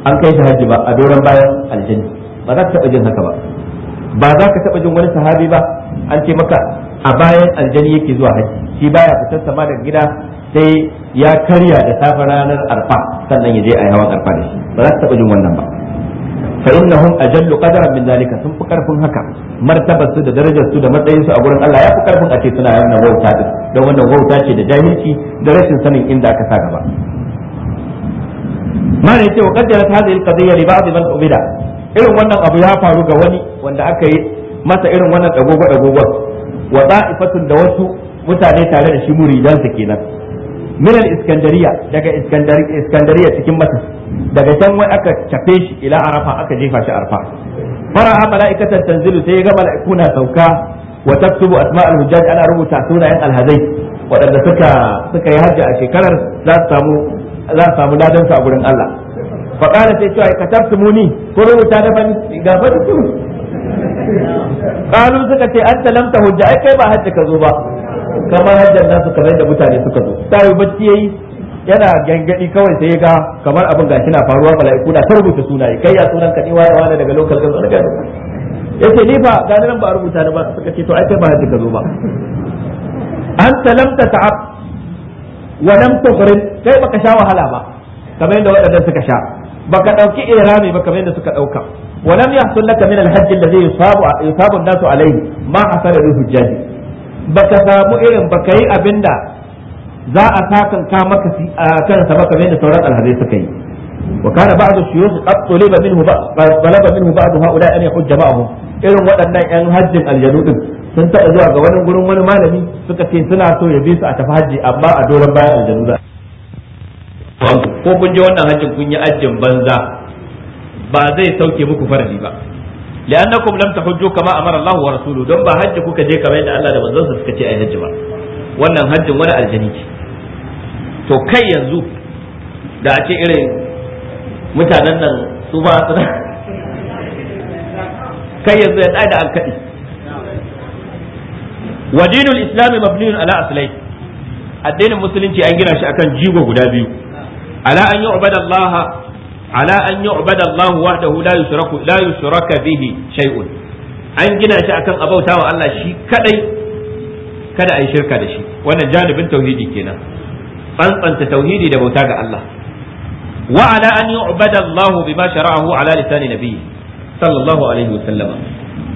an kai shi hajji ba a doron bayan aljanna ba za ka taɓa jin haka ba ba za ka taɓa jin wani sahabi ba an ce maka a bayan aljani yake zuwa haji shi baya fitar sama daga gida sai ya karya da safe ranar arfa sannan ya je a yi hawan arfa da shi ba za su taɓa jin wannan ba fa innahum ajallu qadaran min zalika sun fi karfin haka martabar su da darajar su da matsayin su a gurin Allah ya fi karfin a ce suna yana wauta din don wannan wauta ce da jahilci da rashin sanin inda aka sa gaba mana ce wa qaddarat hadhihi al-qadiyya li ba'd man ubida irin wannan abu ya faru ga wani wanda aka yi masa irin wannan dagogo dagogon wa ta'ifatun da wasu mutane tare da shi muridansa kenan min iskandariya daga iskandariya cikin masar daga can wai aka cafe shi ila arafa aka jefa shi arfa fara'a mala'ikatan tanzilu sai ga mala'ikuna sauka wa taktubu asma'ul hujjaj ana rubuta sunayen alhazai waɗanda suka suka yi hajji a shekarar za su samu za su samu ladansa a gurin Allah fa qala sai cewa katabtumuni ko rubuta da ban ga ban kalu suka ce ta lam hujja ai kai ba hajji ka zo ba kamar hajjan nasu kamar da mutane suka zo sai bacci yayi yana gangadi kawai sai ga kamar abin gashi na faruwa mala'iku na rubuta sunaye kai ya sunan ka ne waye wani daga local government ga yace ni fa ga nan ba rubuta ni ba suka ce to ai kai ba hajji ka zo ba anta lam ta'ab wa lam tughrin kai baka sha wahala ba kamar yadda waɗannan suka sha baka dauki irami ba kamar yadda suka dauka ولم يحصل لك من الحج الذي يصاب يصاب الناس عليه ما حصل للحجاج baka samu irin baka yi abinda za a sakan ka maka kan sa baka da sauran alhazai suka yi wa kana ba'du shuyukh qad tuliba minhu talaba minhu ba'du haula an yahujja ba'hum irin waɗannan yan hajjin aljanu din sun taɓa zuwa ga wani gurin wani malami suka ce suna so ya bi su a tafi hajji amma a doron bayan aljanu da ko kun je wannan hajjin kun yi ajjin banza ba zai sauke muku faradi ba li'annakum lam tahujju kama amara Allah wa rasuluhu don ba hajji kuka je kamar yadda Allah da manzon suka ce ai hajji ba wannan hajjin wani aljani ce to kai yanzu da a ce irin mutanen nan su ba su kai yanzu ya tsaya da an wa dinul islam mabniun ala aslai addinin musulunci an gina shi akan jigo guda biyu ala an yu'badallaha ala an yu'bada Allah wahdahu la yushraku la yushraka bihi shay'un an gina shi akan abautawa Allah shi kadai kada a yi shirka da shi wannan janibin tauhidi kenan tsantsanta tauhidi da bauta ga Allah wa ala an yu'bada Allah bima shara'ahu ala lisani nabiyyi sallallahu alaihi wa sallama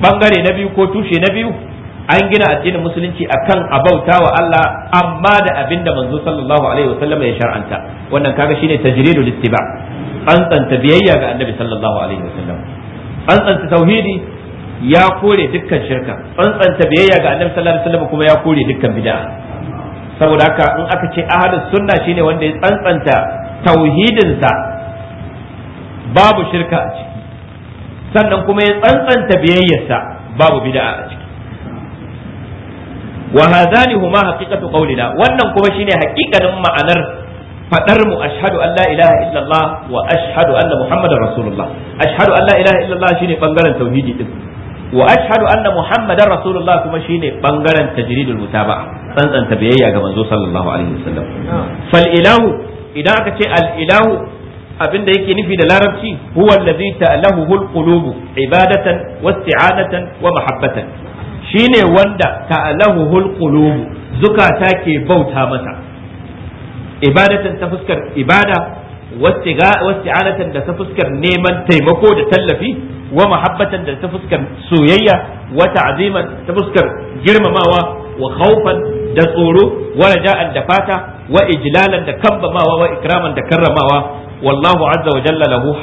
bangare na biyu ko tushe na biyu an gina addinin musulunci akan abauta wa Allah amma da abinda manzo sallallahu alaihi wa sallama ya shar'anta wannan kaga shine da ittiba an tsanta biyayya ga annabi sallallahu alaihi wasallam an tsanta tauhidi ya kore dukkan shirka an tsanta biyayya ga annabi sallallahu alaihi wasallam kuma ya kore dukkan bid'a saboda haka in aka ce ahadu sunna shine wanda ya tsantsanta tauhidinsa babu shirka a ciki sannan kuma ya tsantsanta biyayyarsa babu bid'a a ciki wa hadani huma haqiqatu qawlina wannan kuma shine haqiqanin ma'anar fadar mu ashhadu an la wa ashhadu anna muhammadar rasulullah ashhadu an la ilaha shine bangaren tauhidi din wa ashhadu anna muhammadar rasulullah kuma shine bangaren tajridul mutaba'a tsantsanta biyayya ga manzo sallallahu alaihi wasallam fal ilahu idan aka ce al ilahu abinda yake nufi da larabci huwa allazi ta'alahu al qulubu ibadatan wasti'anatan wa shine wanda ta'alahu al zukata ke bauta masa ibadatan ta fuskar ibada wasti'anatan da ta fuskar neman taimako da tallafi wa mahabbatan da ta fuskar soyayya wa ta'ziman ta fuskar girmamawa wa khawfan da tsoro wa raja'an da fata wa ijlalan da kambamawa wa ikraman da karramawa wallahu azza wa jalla lahu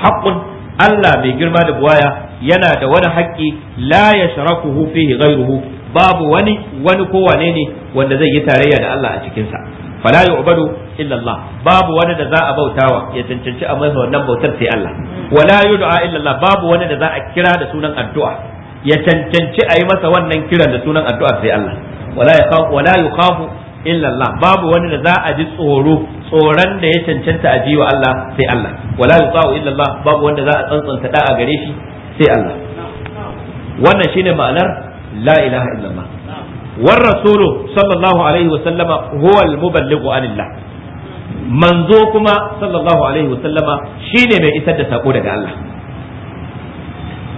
Allah mai girma da buwaya yana da wani haƙƙi la yashrakuhu fihi ghayruhu babu wani wani kowane ne wanda zai yi tarayya da Allah a cikinsa fala yu'badu illa Allah babu wani da za a bautawa ya cancanci a wannan bautar sai Allah wala yud'a illa Allah babu wani da za a kira da sunan addu'a ya cancanci a yi masa wannan kiran da sunan addu'a sai Allah wala yakhafu wala yukhafu babu wani da za a ji tsoro tsoron da ya cancanta a ji wa Allah sai Allah wala yuta'u illa Allah babu wanda za a tsantsanta da a gare shi sai Allah wannan shine ma'anar la ilaha illallah war rasulu sallallahu alaihi wasallama huwa al-muballighu anillah manzo kuma sallallahu alaihi wasallama shine mai isar da saƙo daga Allah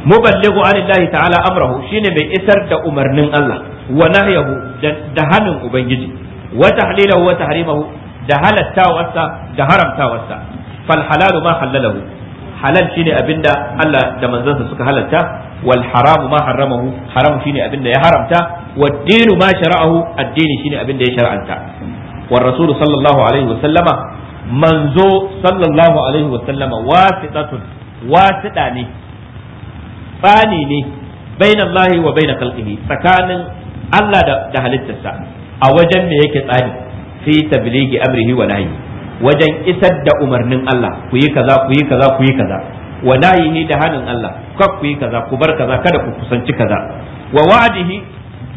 muballighu anillahi ta'ala amrahu shine mai isar da umarnin Allah wa nahyahu da hannun ubangiji wa tahlilahu wa tahrimahu da halattawarsa da haramtawarsa fal halalu ma halalahu halal shine abinda Allah da manzansa suka halalta wal haramu ma haramahu haram shine abinda ya haramta wad dinu ma shara'ahu addini shine abinda ya shar'anta wal rasul sallallahu alaihi wa sallama manzo sallallahu alaihi wa sallama wasitatun wasita ne tsani ne bainallahi wa bain khalqihi tsakanin Allah da halittarsa a wajen me yake tsani fi tabligi amrihi wa nahyi wajen isar da umarnin Allah ku yi kaza ku yi kaza ku yi kaza wa nahihi da hanin Allah kar ku yi kaza ku bar kaza kada ku kusanci kaza wa wa'dihi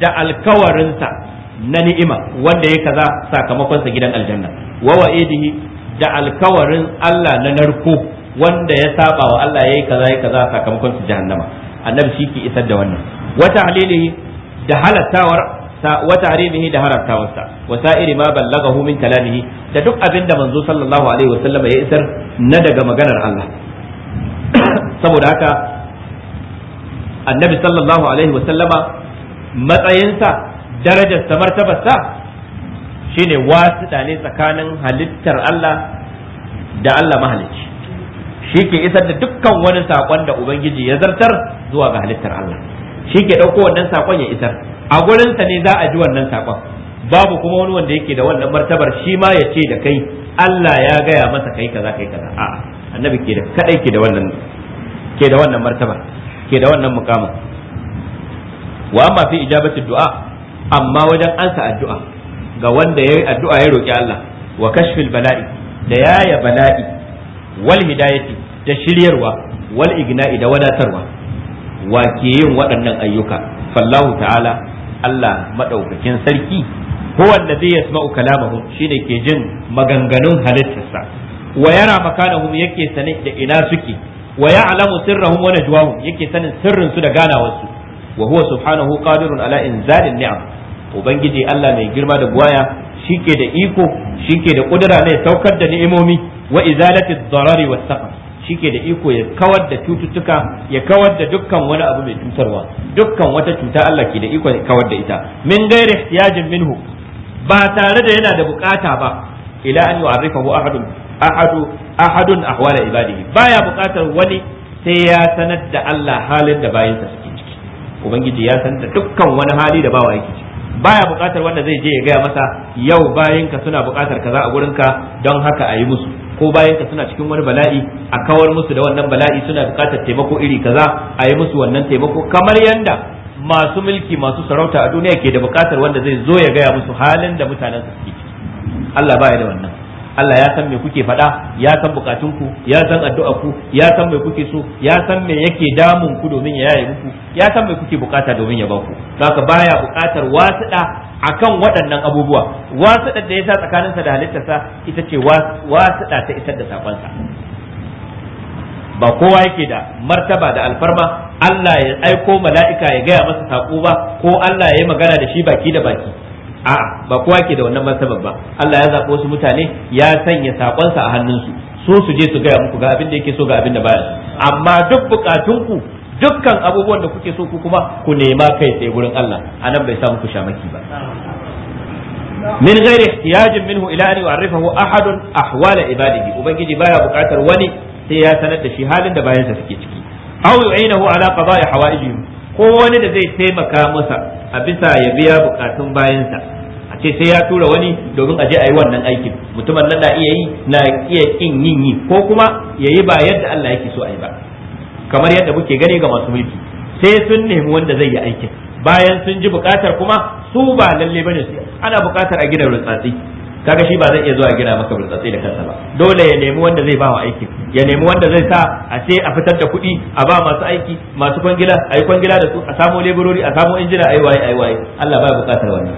da alkawarinsa na ni'ima wanda ya kaza sa gidan aljanna wa wa'idihi da alkawarin Allah na narko wanda ya saba wa Allah yayi kaza yayi kaza sakamakon su jahannama annabi shi ke isar da wannan wata halilihi da halattawar Wata wa tahrimihi da haramta wasa wa sa'iri ma ballagahu min kalamihi da duk abin da manzo sallallahu alaihi sallama ya isar na daga maganar Allah saboda haka annabi sallallahu alaihi sallama matsayinsa darajarsa martabarsa shine wasuɗa ne tsakanin halittar Allah da Allah mahalicci shi ke isar da dukkan wani saƙon da Ubangiji ya zartar zuwa ga halittar Allah shi ke ɗauko wannan sakon ya isar a gurinsa ne za a ji wannan sakon babu kuma wani wanda yake da wannan martabar shi ma ya ce da kai Allah ya gaya masa kai kaza kai kaza a'a annabi ke da kadai ke da wannan ke da wannan martaba ke da wannan mukamin wa amma fi ijabati du'a amma wajen ansa addu'a ga wanda yayi addu'a ya roki Allah wa kashfil bala'i da yaya bala'i wal hidayati da shiryarwa wal igna'i da wadatarwa wa ke yin waɗannan ayyuka fallahu ta'ala Allah maɗaukakin sarki huwa alladhi yasma'u kalamahum shine ke jin maganganun halittarsa wa yara makanahum yake sane da ina suke wa ya'lamu sirrahum wa najwahum yake sanin sirrin su da ganawarsu wa huwa subhanahu qadirun ala inzalin ni'am ubangiji Allah mai girma da buwaya shike da iko shike da kudura ne saukar da ni'imomi wa izalati dharari was safar shike da iko ya kawar da cututtuka ya kawar da dukkan wani abu mai cutarwa dukkan wata cuta Allah ke da iko ya kawar da ita min gairi ihtiyajin minhu ba tare da yana da bukata ba ila an yu'arrifahu ahadun ahadu ahadun ahwala ibadihi baya bukatar wani sai ya sanar da Allah halin da bayinsa suke ciki ubangiji ya sanar da dukkan wani hali da bawa yake ciki baya bukatar wanda zai je ya gaya masa yau bayan suna bukatar kaza a gurinka don haka a yi musu ko bayan ka suna cikin wani bala'i a kawar musu da wannan bala'i suna bukatar taimako iri kaza a yi musu wannan taimako kamar yanda masu mulki masu sarauta a duniya ke da bukatar wanda zai zo ya gaya musu halin da mutanen su suke Allah baya da wannan Allah ya san me kuke faɗa ya san bukatunku ya san addu'arku ya san me kuke so ya san me yake damun ku domin ya yaye muku ya san me kuke bukata domin ya baku haka baya bukatar wasuɗa akan waɗannan abubuwa wasuɗa da ya sa tsakaninsa da halittarsa ita ce wasuɗa ta isar da sakonsa ba kowa yake da martaba da alfarma Allah ya aiko mala'ika ya gaya masa sako ba ko Allah ya yi magana da shi baki da baki a'a ba kowa ke da wannan martabar ba Allah ya zaɓi wasu mutane ya sanya sakonsa a hannunsu su su je su gaya muku ga abin da yake so ga abin da baya amma duk ku dukkan abubuwan da kuke so ku kuma ku nema kai tsaye gurin Allah anan bai sa muku shamaki ba min ghairi ihtiyajin minhu ila an yu'arrifahu ahadun ahwala ibadihi ubangiji baya bukatar wani sai ya sanar da shi halin da bayansa suke ciki aw yu'inahu ala qada'i hawaijihim ko wani da zai taimaka masa a bisa ya biya bukatun bayansa a ce sai ya tura wani domin a je a yi wannan aikin mutumin nan na iya yi na iya kin yin yi ko kuma ya yi ba yadda Allah yake so a yi ba kamar yadda muke gani ga masu mulki sai sun nemi wanda zai yi aikin bayan sun ji bukatar kuma su ba lalle bane su ana bukatar a gidan rutsatsi kaga shi ba zai iya zuwa gina maka burtsatsai da kansa ba dole ya nemi wanda zai ba wa aikin ya nemi wanda zai sa a ce a fitar da kuɗi a ba masu aiki masu kwangila a yi kwangila da su a samu leburori a samu injina a yi waye a yi waye Allah ba buƙatar wannan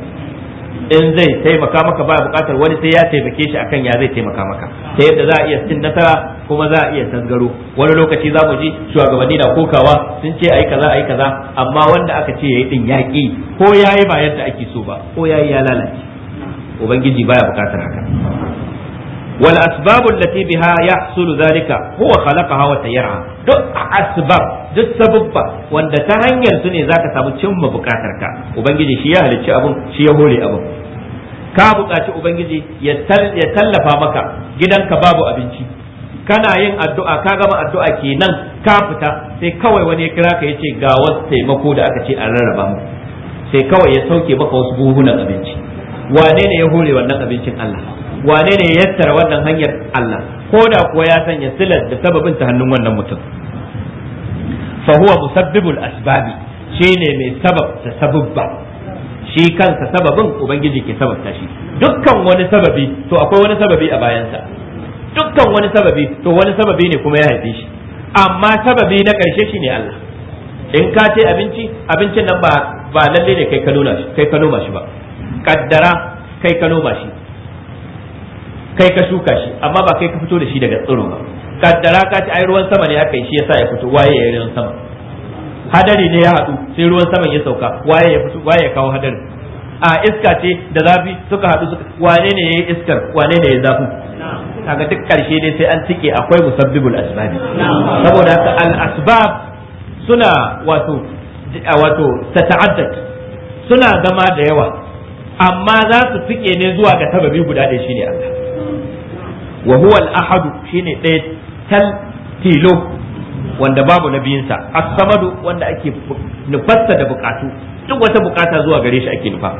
in zai taimaka maka ba buƙatar wani sai ya taimake shi akan ya zai taimaka maka ta yadda za a iya cin nasara kuma za a iya tasgaro wani lokaci za mu ji shugabanni na kokawa sun ce a yi kaza a yi kaza amma wanda aka ce ya yi din yaƙi ko ya yi ba yadda ake so ba ko ya yi ya lalace ubangiji baya bukatar haka wal asbab allati biha yahsul zalika huwa khalaqaha wa tayyara duk asbab duk sababba wanda ta hanyar su ne zaka samu cimma bukatar ka ubangiji shi ya halicci abun shi ya hore abun ka bukaci ubangiji ya tallafa maka gidanka babu abinci kana yin addu'a ka gama addu'a kenan ka fita sai kawai wani ya kira ka yace ga wasu taimako da aka ce an rarraba mu sai kawai ya sauke maka wasu buhunan abinci wane ne ya hore wannan abincin Allah wane ne ya yassara wannan hanyar Allah ko da kuwa ya sanya silar da sababin ta hannun wannan mutum fa huwa musabbibul asbabi shine mai sabab da sababba shi kansa sababin ubangiji ke sababta shi dukkan wani sababi to akwai wani sababi a bayansa dukkan wani sababi to wani sababi ne kuma ya haife shi amma sababi na karshe shi ne Allah in ka ce abinci abincin nan ba ba lalle ne kai ka nuna shi kai ka noma shi ba kaddara kai ka noma shi kai ka shuka shi amma ba kai ka fito da shi daga tsiro ba kaddara ka ci ai ruwan sama ne aka yi shi yasa ya fito waye ya ruwan sama hadari ne ya haɗu sai ruwan saman ya sauka waye ya fito waye ya kawo hadarin a iska ce da zafi suka haɗu suka wane ne yayi iskar wane ne yayi zafi kaga duk karshe dai sai an tike akwai musabbibul asbab saboda haka al asbab suna wato wato tata'addad suna zama da yawa amma za su fike ne zuwa ga sababi guda ɗaya shine Allah wa huwa al-ahad shine ɗaya tal tilo wanda babu na biyunsa, as-samadu wanda ake nufasta da bukatu duk wata bukata zuwa gare shi ake nufa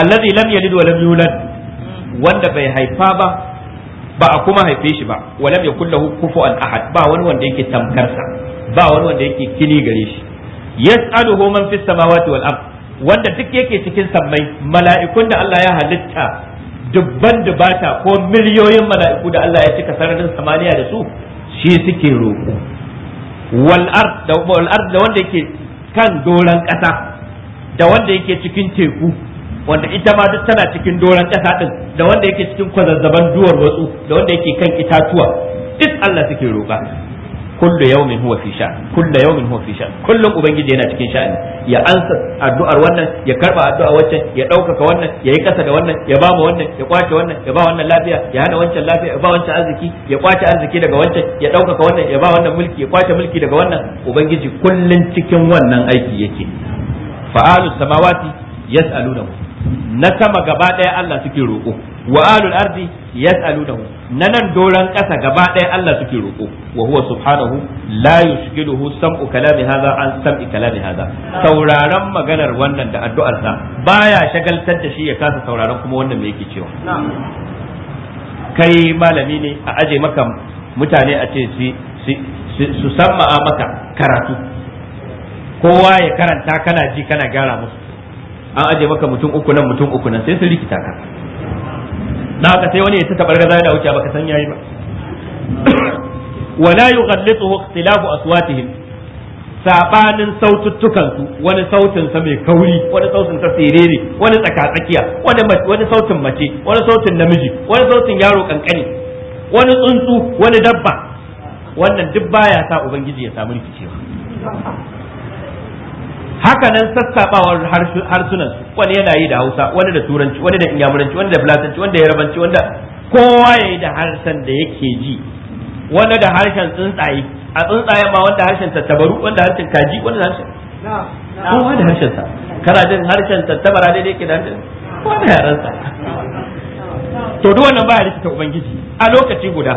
allazi lam yalid wa lam yulad wanda bai haifa ba ba a kuma haife shi ba wa lam yakul lahu kufuwan ahad ba wani wanda yake tamkarsa ba wani wanda yake kini gare shi yas'aluhu man fis samawati wal ard wanda duk yake cikin sammai mala'ikun da Allah ya halitta dubban dubata ko miliyoyin mala'iku da Allah ya cika sararin samaniya da su shi suke roƙo wal ard da wanda yake kan doran ƙasa da wanda yake cikin teku wanda ita ma duk tana cikin doran ƙasa din da wanda yake cikin kwazazzaban duwar wasu da wanda yake kan itatuwa duk Allah suke roƙa kullu yawmin huwa fi sha'n kullu yawmin huwa fi sha'n kullum ubangiji yana cikin sha'ani ya ansa addu'ar wannan ya karba addu'a wancan, ya ɗaukaka wannan ya yi kasa da wannan ya ba mu wannan ya kwace wannan ya ba wannan lafiya ya hana wancan lafiya ya ba wancan arziki ya kwace arziki daga wancan ya ɗaukaka wannan ya ba wannan mulki ya kwace mulki daga wannan ubangiji kullun cikin wannan aiki yake fa'alus samawati yas'alunahu na sama gaba daya Allah suke roƙo wa alul ardi yas'alunahu nanan doran kasa gaba ɗaya Allah suke roƙo wa huwa subhanahu la yushkiluhu sam'u kalami hadha an sam'i kalami hadha sauraron maganar wannan da addu'ar sa baya shagaltar da shi ya kasa sauraron kuma wannan me yake cewa kai malami ne a aje maka mutane a ce su samma'a maka karatu kowa ya karanta kana ji kana gyara musu an aje maka mutum uku nan mutum uku nan sai su rikita ka na haka sai wani ya ta bargaza yana wuce baka san yayi ba wala yughallitu ikhtilafu aswatihim sabanin saututtukan su wani sautin sa mai kauri wani sautin sa sirere wani tsakatsakiya wani wani sautin mace wani sautin namiji wani sautin yaro kankani wani tsuntsu wani dabba wannan duk baya sa ubangiji ya samu rikicewa haka nan sassabawar harsunan wani yana yi da hausa wani da turanci wani da inyamuranci wani da filatanci wani da yarabanci wanda kowa ya yi da harshen da yake ji wani da harshen tsuntsaye a tsuntsaye ma wanda harshen tattabaru wanda harshen kaji wanda harshen kowa da harshen sa kana jin harshen tattabara daidai yake da harshen kowa da yaran sa to duk wannan baya rikita ubangiji a lokaci guda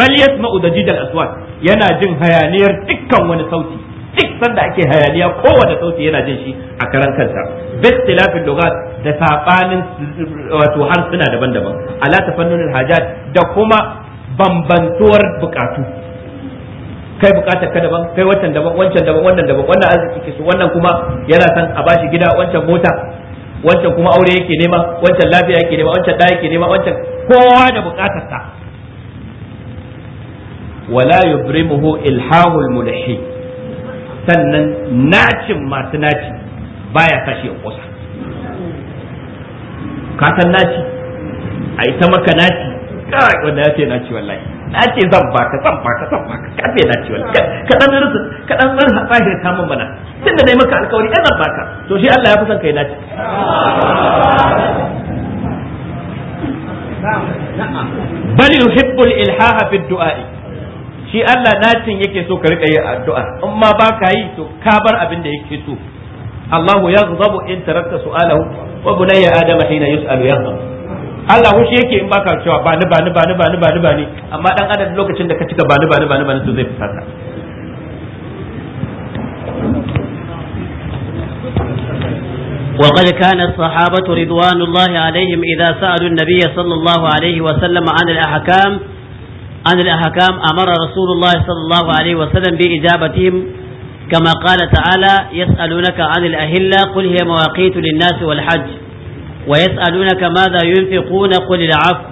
bal yasma'u dajidal aswat yana jin hayaniyar dukkan wani sauti duk sanda ake hayaniya kowane sauti yana jin shi a karan kansa bis tilafin lugat da sabanin wato harsuna daban-daban ala tafannunil alhajat da kuma bambantuwar bukatu kai bukatar ka daban kai wancan daban wancan daban wannan daban wannan arziki ke wannan kuma yana san a bashi gida wancan mota wancan kuma aure yake nema wancan lafiya yake nema wancan da yake nema wancan kowa da bukatarsa sa wala yubrimuhu ilhamul mulhi sannan nacin masu naci baya tashi ya kosa ka san naci a yi ta maka naci kai wanda ya ce naci wallahi na ce zan baka zan baka zan baka ka ce naci wallahi ka dan rusu ka dan rusu tsahir ta mun bana tunda nayi maka alƙawari ai baka to shi Allah ya fi son kai naci bal al ilhaha bid du'a'i shi Allah natin yake so ka riƙa yi addu'a in ma ba ka yi to ka bar abin da yake so Allah ya zabu in tarakta su'alahu wa bunayya adama hina yus'alu yaghdab Allah shi yake in baka cewa ba ni ba ni ba ni ba ni ba ni ba ni amma dan adam lokacin da ka cika ba ni ba ni ba ni ba ni to zai fusata وقد كان الصحابة رضوان الله عليهم إذا سألوا النبي صلى الله عليه وسلم عن الأحكام عن الأحكام أمر رسول الله صلى الله عليه وسلم بإجابتهم كما قال تعالى يسألونك عن الأهلة قل هي مواقيت للناس والحج ويسألونك ماذا ينفقون قل العفو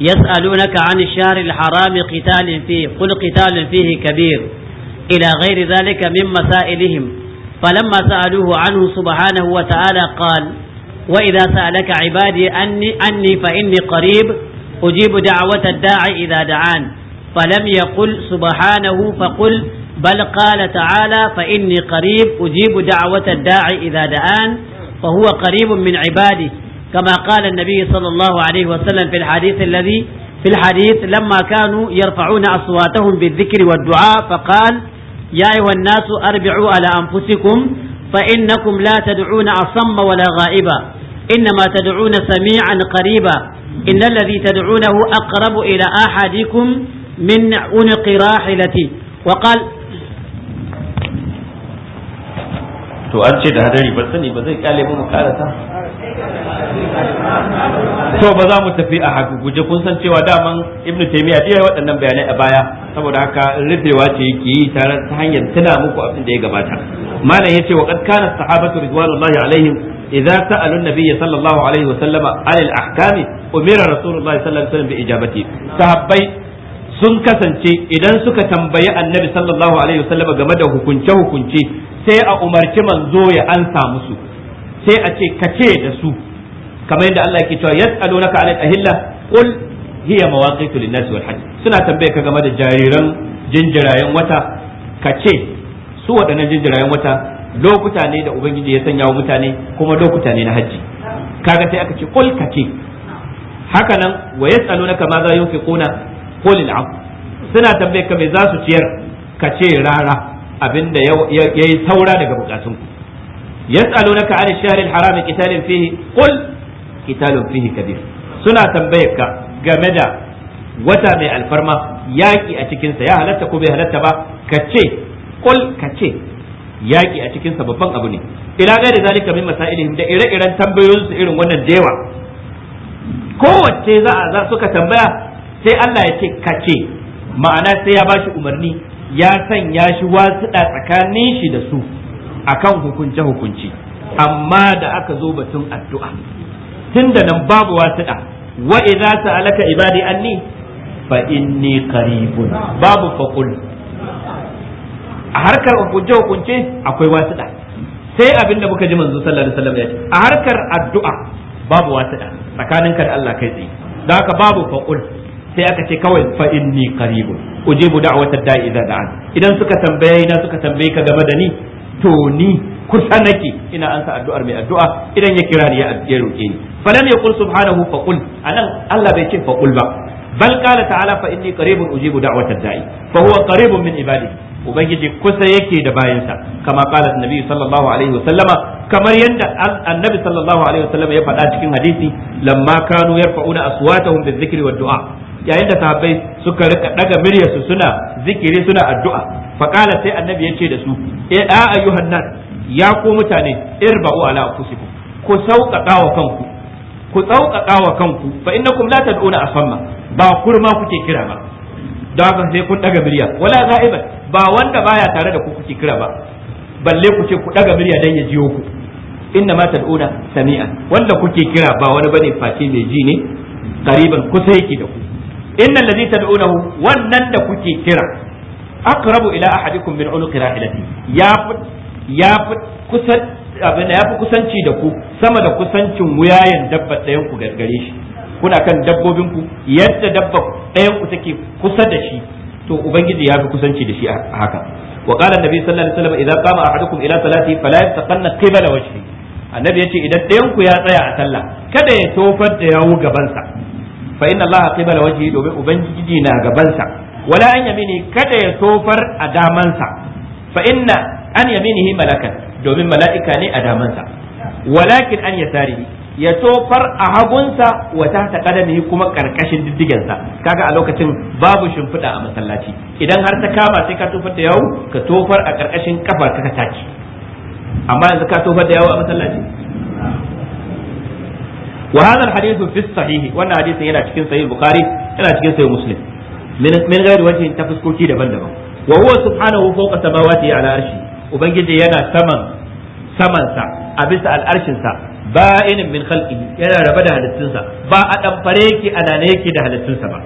يسألونك عن الشهر الحرام قتال فيه قل قتال فيه كبير إلى غير ذلك من مسائلهم فلما سألوه عنه سبحانه وتعالى قال وإذا سألك عبادي أني, أني فإني قريب أجيب دعوة الداعي إذا دعان فلم يقل سبحانه فقل بل قال تعالى فإني قريب أجيب دعوة الداعي إذا دعان فهو قريب من عباده كما قال النبي صلى الله عليه وسلم في الحديث الذي في الحديث لما كانوا يرفعون أصواتهم بالذكر والدعاء فقال يا أيها الناس أربعوا على أنفسكم فإنكم لا تدعون أصم ولا غائبا إنما تدعون سميعا قريبا إن الذي تدعونه أقرب إلى أحدكم من عنق راحلتي وقال to an ce da hadari ba sani ba zai kyale mu karata to ba za mu tafi a haka guje kun san cewa daman ibnu taymiya ya waɗannan bayanai a baya saboda haka rufewa ce yake yi tare ta hanyar tana muku abin da ya gabata malam yace wa qad kana sahabatu ridwanullahi alaihim idza sa'alu an-nabiy sallallahu alaihi wa sallama alal ahkami umira rasulullahi sallallahu alaihi wa sallam bi ijabati sahabbai sun kasance idan suka tambayi annabi sallallahu alaihi wa sallama game da hukunce hukunce sai a umarci manzo ya ansa musu sai a ce ka ce da su kamar yadda Allah yake cewa yas'alunaka alal ahilla qul hiya mawaqitu lin-nas wal hajj suna tambaye ka game da jariran jinjirayen wata ka ce su waɗannan jinjirayen wata lokuta ne da ubangiji ya sanya wa mutane kuma lokuta ne na hajji kaga sai aka ce kul ka ce haka nan wa yas'alunaka ma za yunfiquna qul al'am suna tambaye ka me za su ciyar ka ce rara abinda yayi saura daga bukatun yas'alunaka 'ala ash-shahri al-haram qitalin fihi qul qitalun fihi kabir suna tambaye ka game da wata mai alfarma yaki a cikinsa ya halatta ko bai halatta ba kace ce kul ka yaki a cikin sa babban abu ne ila ga da zalika min masailihim da ire-iren tambayoyin su irin wannan dewa kowace za a za suka tambaya sai Allah ya ce kace ma'ana sai ya bashi umarni ya sanya shi wasuɗa tsakanin shi da su akan hukunce hukunci amma da aka zo batun addu'a tunda nan babu wasu da wa idza sa'alaka ibadi anni fa inni qaribun babu faqul a harkar hukunce hukunce akwai wasiɗa sai abin da muka ji manzo sallallahu alaihi wasallam ya ce a harkar addu'a babu wasiɗa tsakaninka da Allah kai tsaye da haka babu faqul sai aka ce kawai fa inni qaribun ujibu da'wata da'i idza da'an idan suka tambaye na suka tambaye ka game da ni to ni kusa nake ina ansa addu'ar mai addu'a idan ya kira ni ya roke ni falan yaqul subhanahu faqul anan Allah bai ce faqul ba bal qala ta'ala fa inni qaribun ujibu da'wata da'i fa huwa qaribun min ibadihi ubangiji kusa yake da bayansa kama kala annabi sallallahu alaihi wasallama kamar yadda annabi sallallahu alaihi wasallama ya faɗa cikin hadisi lamma kanu yarfa'una aswatahum bizikri wa du'a yayin da sahabbai suka rika daga miryarsu suna zikiri suna addu'a fa kala sai annabi ya ce da su eh da ayyuhan nas ya ku mutane irba'u ala anfusikum ku sauƙaƙa wa kanku ku sauƙaƙa wa kanku fa innakum la tad'una asamma ba kurma kuke kira ba da haka sai kun daga murya wala za'iban ba wanda baya tare da ku kuke kira ba balle ku ce ku daga murya dan ya jiyo ku inna ma tad'una sami'a wanda kuke kira ba wani bane face mai ji ne qariban kusa yake da ku innal ladhi tad'unahu wannan da kuke kira aqrabu ila ahadikum min unuqi rahilati ya ya kusa abin da fi kusanci da ku sama da kusancin wuyayen dabbar ɗayan ku gargare shi kuna kan dabbobinku yadda dabba ɗayan ku take kusa da shi to ubangiji ya fi kusanci da shi haka wa qala annabi sallallahu alaihi wasallam idza qama ahadukum ila salati fala yataqanna qibala wajhi annabi yace idan ɗayan ku ya tsaya a sallah kada ya tofar da yawo gabansa fa inna allaha qibala wajhi domin ubangiji na gabansa wala an yamini kada ya tofar a damansa fa inna an yaminihi malakan domin mala'ika ne a damansa walakin an yasarihi ya tofar a hagunsa wa ta tahta ni kuma karkashin diddigensa kaga a lokacin babu shimfiɗa a masallaci idan har ta kama sai ka tofar da yawo ka tofar a karkashin kafar ka taki amma yanzu ka tofar da yawo a masallaci wa hadha alhadith fi sahihi wannan hadisin yana cikin sahih bukhari yana cikin sahih muslim min min ghairi wajhin ta fuskoki daban-daban wa huwa subhanahu fawqa samawati ala arshi ubangiji yana saman samansa a bisa al'arshinsa inin min khalqihi yana raba da halittunsa ba a fare yake anane yake da halittunsa ba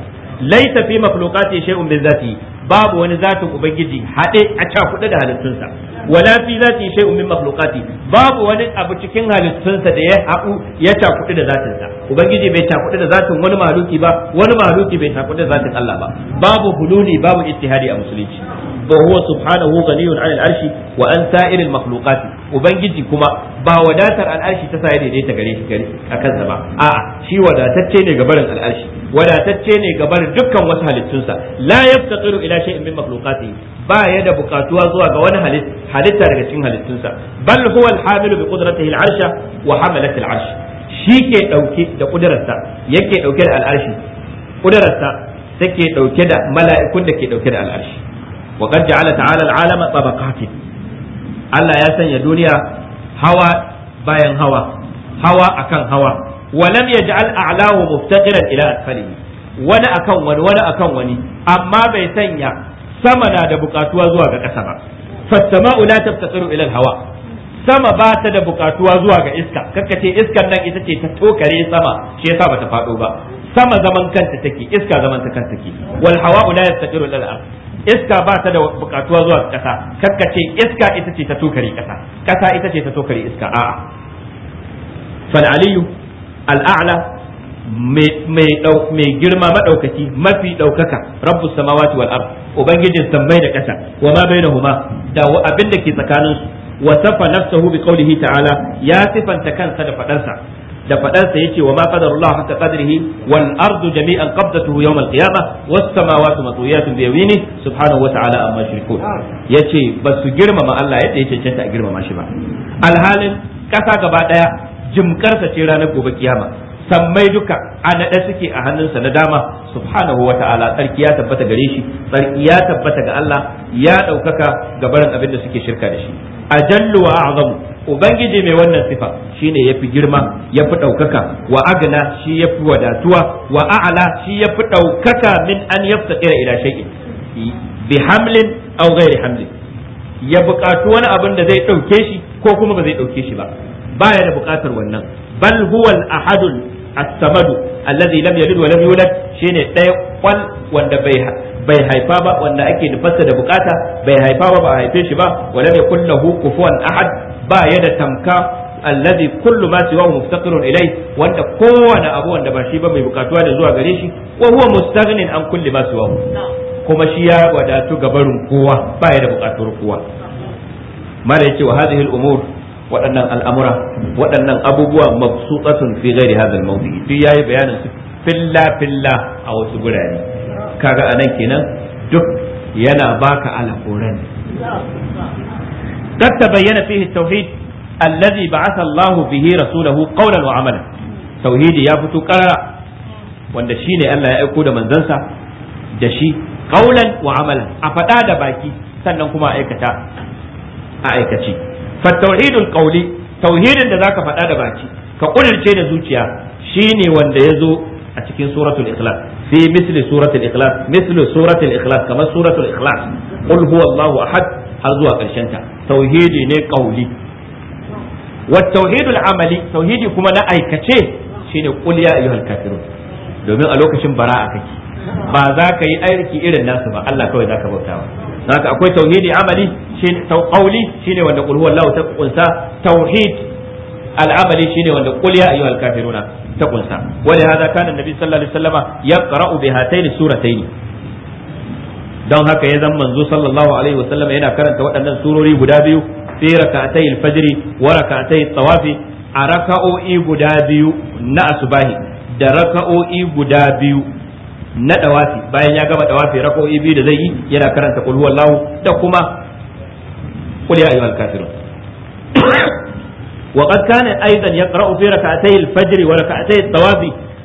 laita fi makhluqati shay'un min zati babu wani zatin ubangiji hade a kudu da halittunsa wala fi zati shay'un min makhluqati babu wani abu cikin halittunsa da ya haɗu ya kudu da zatinsa ubangiji bai kudu da zatin wani maluki ba wani maluki bai kudu da zatin Allah ba babu hululi babu ittihadi a musulunci wa huwa subhanahu ghaniyun 'anil arshi ubangiji kuma ba wadatar al'arshi ta sa ya daidaita gare shi gare akan sa ba a'a shi wadatacce ne ga barin wadatacce ne ga dukkan wasu halittunsa la yaftaqiru ila shay'in min makhluqatihi ba ya da bukatuwa zuwa ga wani halitta daga cikin halittunsa bal huwa al-hamilu bi qudratihi al-arsha wa hamalat al shi ke dauke da kudararsa yake dauke da al-arshi kudararsa take ɗauke da mala'ikun da ke ɗauke da al wa qad ja'ala ta'ala al'alama tabaqatin Allah ya sanya duniya hawa bayan hawa hawa akan hawa wa lam yaj'al a'lahu muftaqiran ila asfalihi wani akan wani wani akan wani amma bai sanya sama na da bukatuwa zuwa ga ƙasa ba fasama'u la taftaqiru hawa sama ba ta da bukatuwa zuwa ga iska kakka ce iskar nan ita ce ta tokare sama shi yasa ta faɗo ba sama zaman kanta take iska zaman ta kanta take wal hawa'u la yastaqiru ila al iska ba ta da bukatuwa zuwa ƙasa kakkace iska ita ce ta tokare ƙasa ƙasa ita ce ta tukari iska a'a fal aliyu al'a'la mai girma maɗaukaki mafi ɗaukaka rabbu samawati wal ard ubangijin sammai da ƙasa wa ma bainahuma da abin da ke tsakanin su wa safa nafsahu bi qawlihi ta'ala ya sifanta kansa da faɗarsa. da faɗansa yace wa ma qadarullahu haqqa qadrihi wal ardu jami'an qabdatuhu yawm al qiyamah was samawati matwiyatun bi yamini subhanahu wa ta'ala amma shirkun yace ba su girmama Allah yadda ya cancanta a girmama shi ba alhalin kasa gaba daya jimkarsa ce ranar gobe kiyama sammai duka a naɗe suke a hannunsa na dama subhanahu wa ta'ala tsarki ya tabbata gare shi tsarki ya tabbata ga Allah ya ɗaukaka ga barin abin da suke shirka da shi jallu wa a'zamu ubangiji mai wannan sifa shine yafi girma yafi ɗaukaka wa agna shi yafi wadatuwa wa a'la shi yafi ɗaukaka min an yaftaqira ila shay'in bi hamlin aw ghairi hamlin ya buƙatu wani abin da zai ɗauke shi ko kuma ba zai ɗauke shi ba baya da buƙatar wannan bal huwa al-ahadul samadu alladhi lam yalid wa lam yulad shine ɗaya kwal wanda bai haifa ba wanda ake nufarsa da bukata bai haifa ba ba haife shi ba wa lam yakul lahu kufuwan ahad ba ya da tamka alladhi kullu ma siwahu muftaqirun ilai wanda kowane abu wanda ba shi ba mai bukatuwa da zuwa gare shi wa huwa mustaghnin an kulli ma siwahu kuma shi ya wadatu gabarin kowa ba ya da bukatuwar kowa mara yace wa hadhihi al-umur waɗannan al'amura waɗannan abubuwa mabsutatun fi ghairi hadha mawdi duk yayi bayanin su filla filla a wasu gurare kaga anan kenan duk yana baka alaƙoran قد تبين فيه التوحيد الذي بعث الله به رسوله قولا Tauhidi ya fito فتو wanda shi ne Allah ya aiko da manzansa da shi kaulan wa amalan a faɗa da baki sannan kuma aikata a aikaci fa tauhidul qawli tauhidin da zaka faɗa da baki ka kudirce da zuciya shine wanda ya zo a cikin suratul ikhlas fi misli suratul ikhlas misli suratul ikhlas kamar suratul ikhlas qul huwallahu ahad har zuwa karshen ta tauhidi ne qawli wa tauhidul amali tauhidi kuma na aikace shine qul ya ayyuhal kafirun domin a lokacin bara'a kake ba za ka yi aiki irin nasu ba Allah kawai za ka bautawa haka akwai tauhidi amali shine tauqauli shine wanda qul huwallahu ta kunsa tauhid al'amali shine wanda qul ya ayyuhal kafiruna ta kunsa wani hada kana annabi sallallahu alaihi wasallama yaqra'u bi hatayn suratayn don haka ya zama manzo sallallahu alaihi wasallama yana karanta waɗannan surori guda biyu fi raka'atay al-fajr wa raka'atay at-tawafi a raka'o'i guda biyu na asubahi da raka'o'i guda biyu na dawafi bayan ya gama dawafi rako'i biyu da zai yi yana karanta qul huwallahu da kuma qul ya ayyuhal kafirun wa qad kana aidan yaqra'u fi rak'atay al-fajr wa rak'atay at-tawaf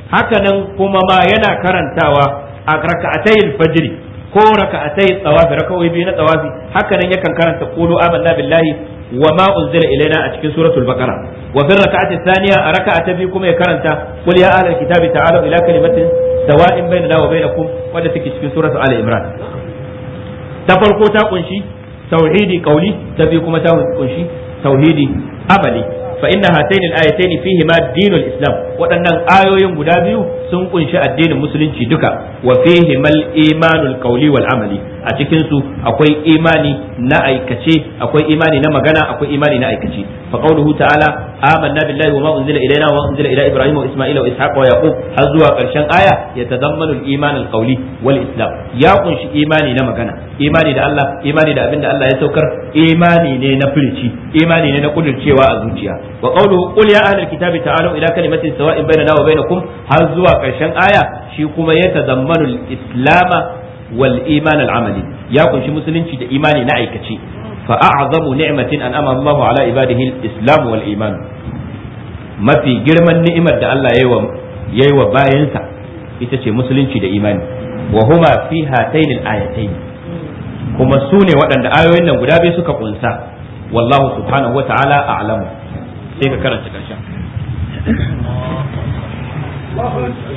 hakanan kuma ma yana karantawa a rak'atay al-fajr ko rak'atay at Tawafi rak'o'i biyu na tawafi hakanan yakan karanta qulu amanna billahi وما أنزل إلينا أتكين سورة البقرة وفي الركعة الثانية ركعة بكم يكرنت قل يا أهل kitabi تعالوا ila kalimatin sawa'in bayna dawa bainakum wanda take cikin suratu ali imran ta farko ta kunshi tauhidi kauli ta biyu kuma ta kunshi tauhidi amali fa inna hataini al-ayatayn fihi ma dinul islam waɗannan ayoyin guda biyu sun kunshi addinin musulunci duka wa fihi mal imanul qauli wal amali a cikin su akwai imani na aikace akwai imani na magana akwai imani na aikace fa qauluhu ta'ala amanna billahi wa ma unzila ilayna wa unzila ila ibrahim wa isma'ila wa ishaq wa yaqub har zuwa karshen aya ya al-iman al-qawli wal islam ya kunshi imani na magana imani da Allah imani da abinda Allah ya saukar imani ne na firici imani ne na kudircewa a zuciya wa qauluhu qul ya ahlal kitabi ta'alu ila kalimatin sawa'in bainana wa bainakum har zuwa karshen aya shi kuma ya yatadammanu al-islama wal amali ya kunshi musulunci da imani na aikace fa a'zamu ni'matin an'ama Allahu ala ibadihi al islam wal iman mafi girman ni'imar da Allah yayi wa bayansa ita ce musulunci da imani wa huma fi hatayn al kuma su ne waɗanda ayoyin nan guda biyu suka kunsa wallahu subhanahu wa ta'ala a'lamu sai ka karanta karshen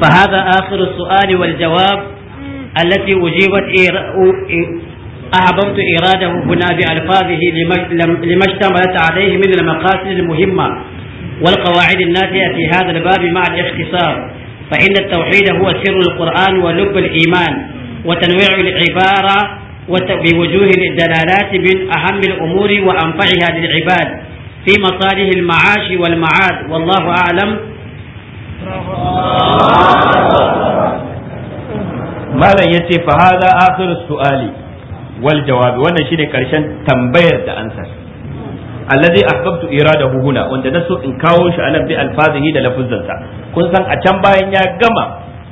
فهذا آخر السؤال والجواب التي أجيبت أعظمت إراده هنا بألفاظه لما اشتملت عليه من المقاصد المهمة والقواعد الناتئة في هذا الباب مع الاختصار فإن التوحيد هو سر القرآن ولب الإيمان وتنويع العبارة بوجوه الدلالات من أهم الأمور وأنفعها للعباد في مصالح المعاش والمعاد والله أعلم malam yace fa hadha akhir su'ali wal jawabi wannan shine karshen tambayar da ansar alladhi ahbabtu iradahu huna wanda na so in kawo shi anan bi alfazihi da lafuzzansa kun san a can bayan ya gama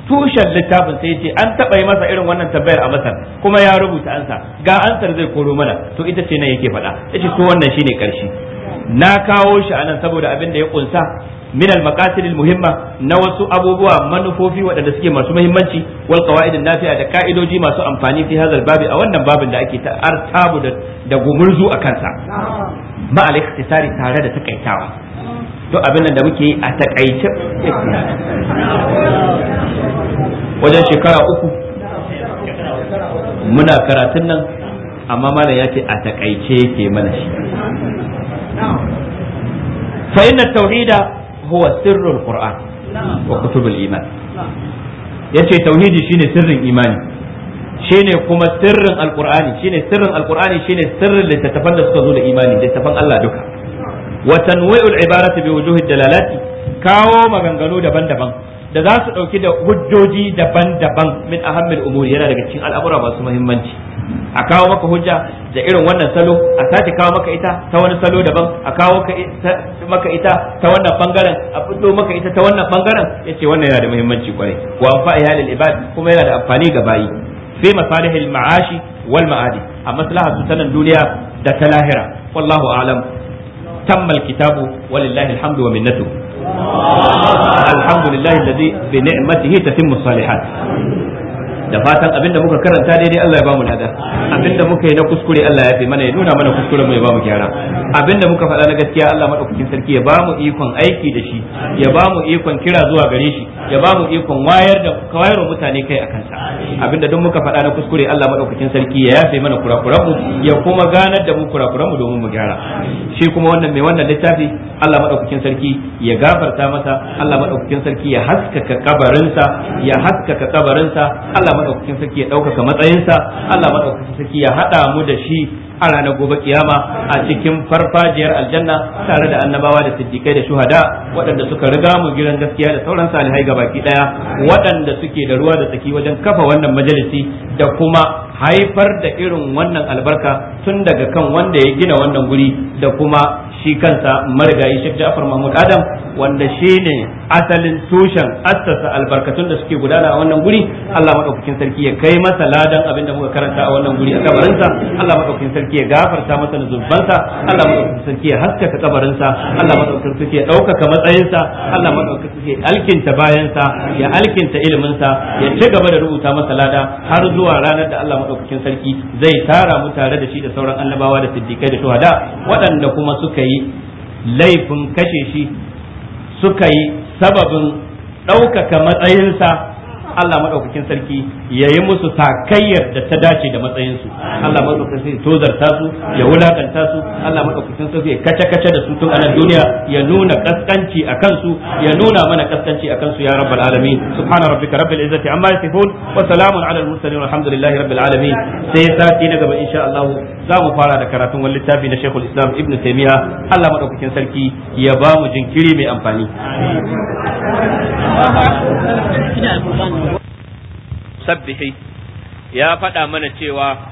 tushen littafin sai ce an taɓa yi masa irin wannan tambayar a masar kuma ya rubuta ansa ga ansar zai koro mana to ita ce nan yake faɗa yace to wannan shine karshe na kawo shi anan saboda abin da ya kunsa من المقاصد المهمه نو muhimma na wasu abubuwa manufofi waɗanda suke masu muhimmanci ده qawaid ماسو da ka'idoji masu amfani fi a wannan babin da ake ta artabu da gumurzu a kansa ma al ikhtisari tare da takaitawa to abin da muke yi a takaice wajen shekara uku muna karatun nan amma malam ya ce a takaice yake mana shi fa inna tauhida huwa sirrul qur'an wa kutubul iman yace tauhidi shine sirrin imani shine kuma sirrin Alƙur'ani shine sirrin alqur'ani shine sirrin littattafan da suka zo da imani littattafan Allah duka wa tanwi'ul ibarati bi wujuhid dalalati kawo maganganu daban-daban da za su ɗauki da hujjoji daban-daban min ahammil umuri yana daga cikin al'amura masu muhimmanci a kawo maka hujja da irin wannan salo a sake kawo maka ita ta wani salo daban a kawo maka ita ta wannan bangaren a fito maka ita ta wannan bangaren ce wannan yana da muhimmanci kwarai wa anfa'i halil ibad kuma yana da amfani ga bayi sai masalihil ma'ashi wal ma'adi a maslahatu ta duniya da ta lahira wallahu a'lam tammal kitabu walillahi alhamdu wa minnatuh الحمد لله الذي بنعمته تتم الصالحات da fatan abinda muka karanta daidai Allah ya bamu lada abinda muka yi na kuskure Allah ya fi mana ya nuna mana kuskure mu ya bamu gyara abinda muka faɗa na gaskiya Allah madaukakin sarki ya bamu ikon aiki da shi ya bamu ikon kira zuwa gare shi ya bamu ikon wayar da kawayar mutane kai a sa abinda duk muka faɗa na kuskure Allah madaukakin sarki ya yafe mana kurakuran mu ya kuma ganar da mu kurakuran mu domin mu gyara shi kuma wannan mai wannan littafi Allah madaukakin sarki ya gafarta masa Allah madaukakin sarki ya haskaka kabarinsa ya haskaka kabarinsa Allah madaukakin sarki ya ɗaukaka matsayinsa Allah madaukakin saki ya haɗa mu da shi a ranar gobe kiyama a cikin farfajiyar aljanna tare da annabawa da siddiqai da shuhada waɗanda suka riga mu gidan gaskiya da sauran salihai ga baki ɗaya waɗanda suke da ruwa da tsaki wajen kafa wannan majalisi da kuma haifar da irin wannan albarka tun daga kan wanda ya gina wannan guri da kuma shi kansa marigayi Sheikh Ja'far Mahmud Adam wanda shi ne asalin tushen assasa albarkatun da suke gudana a wannan guri Allah madaukakin sarki ya kai masa ladan abin da muka karanta a wannan guri a kabarinsa Allah madaukakin sarki ya gafarta masa zunubansa Allah madaukakin sarki ya haskaka kabarinsa Allah madaukakin sarki ya ɗaukaka matsayinsa Allah madaukakin sarki ya alkinta bayansa ya alkinta iliminsa ya ci gaba da rubuta masa lada har zuwa ranar da Allah madaukakin sarki zai tara mu tare da shi da sauran annabawa da siddiqai da shuhada waɗanda kuma suka yi yi laifin kashe shi suka yi sababin ɗaukaka matsayinsa Allah maɗaukakin sarki ya yi musu sakayyar da ta dace da matsayinsu Allah madaukakin sarki tozarta su ya wulakanta su Allah madaukakin sarki ya kace kace da su tun a nan duniya ya nuna kaskanci a kansu ya nuna mana kaskanci a kansu ya rabbal alamin subhana rabbika rabbil izzati amma yasifun wa salamun ala al mursalin walhamdulillahi rabbil alamin sai sati na gaba insha Allah za mu fara da karatun wani littafi na Sheikhul Islam Ibn Taymiyyah Allah maɗaukakin sarki ya ba mu jinkiri mai amfani sabbihi ya faɗa mana cewa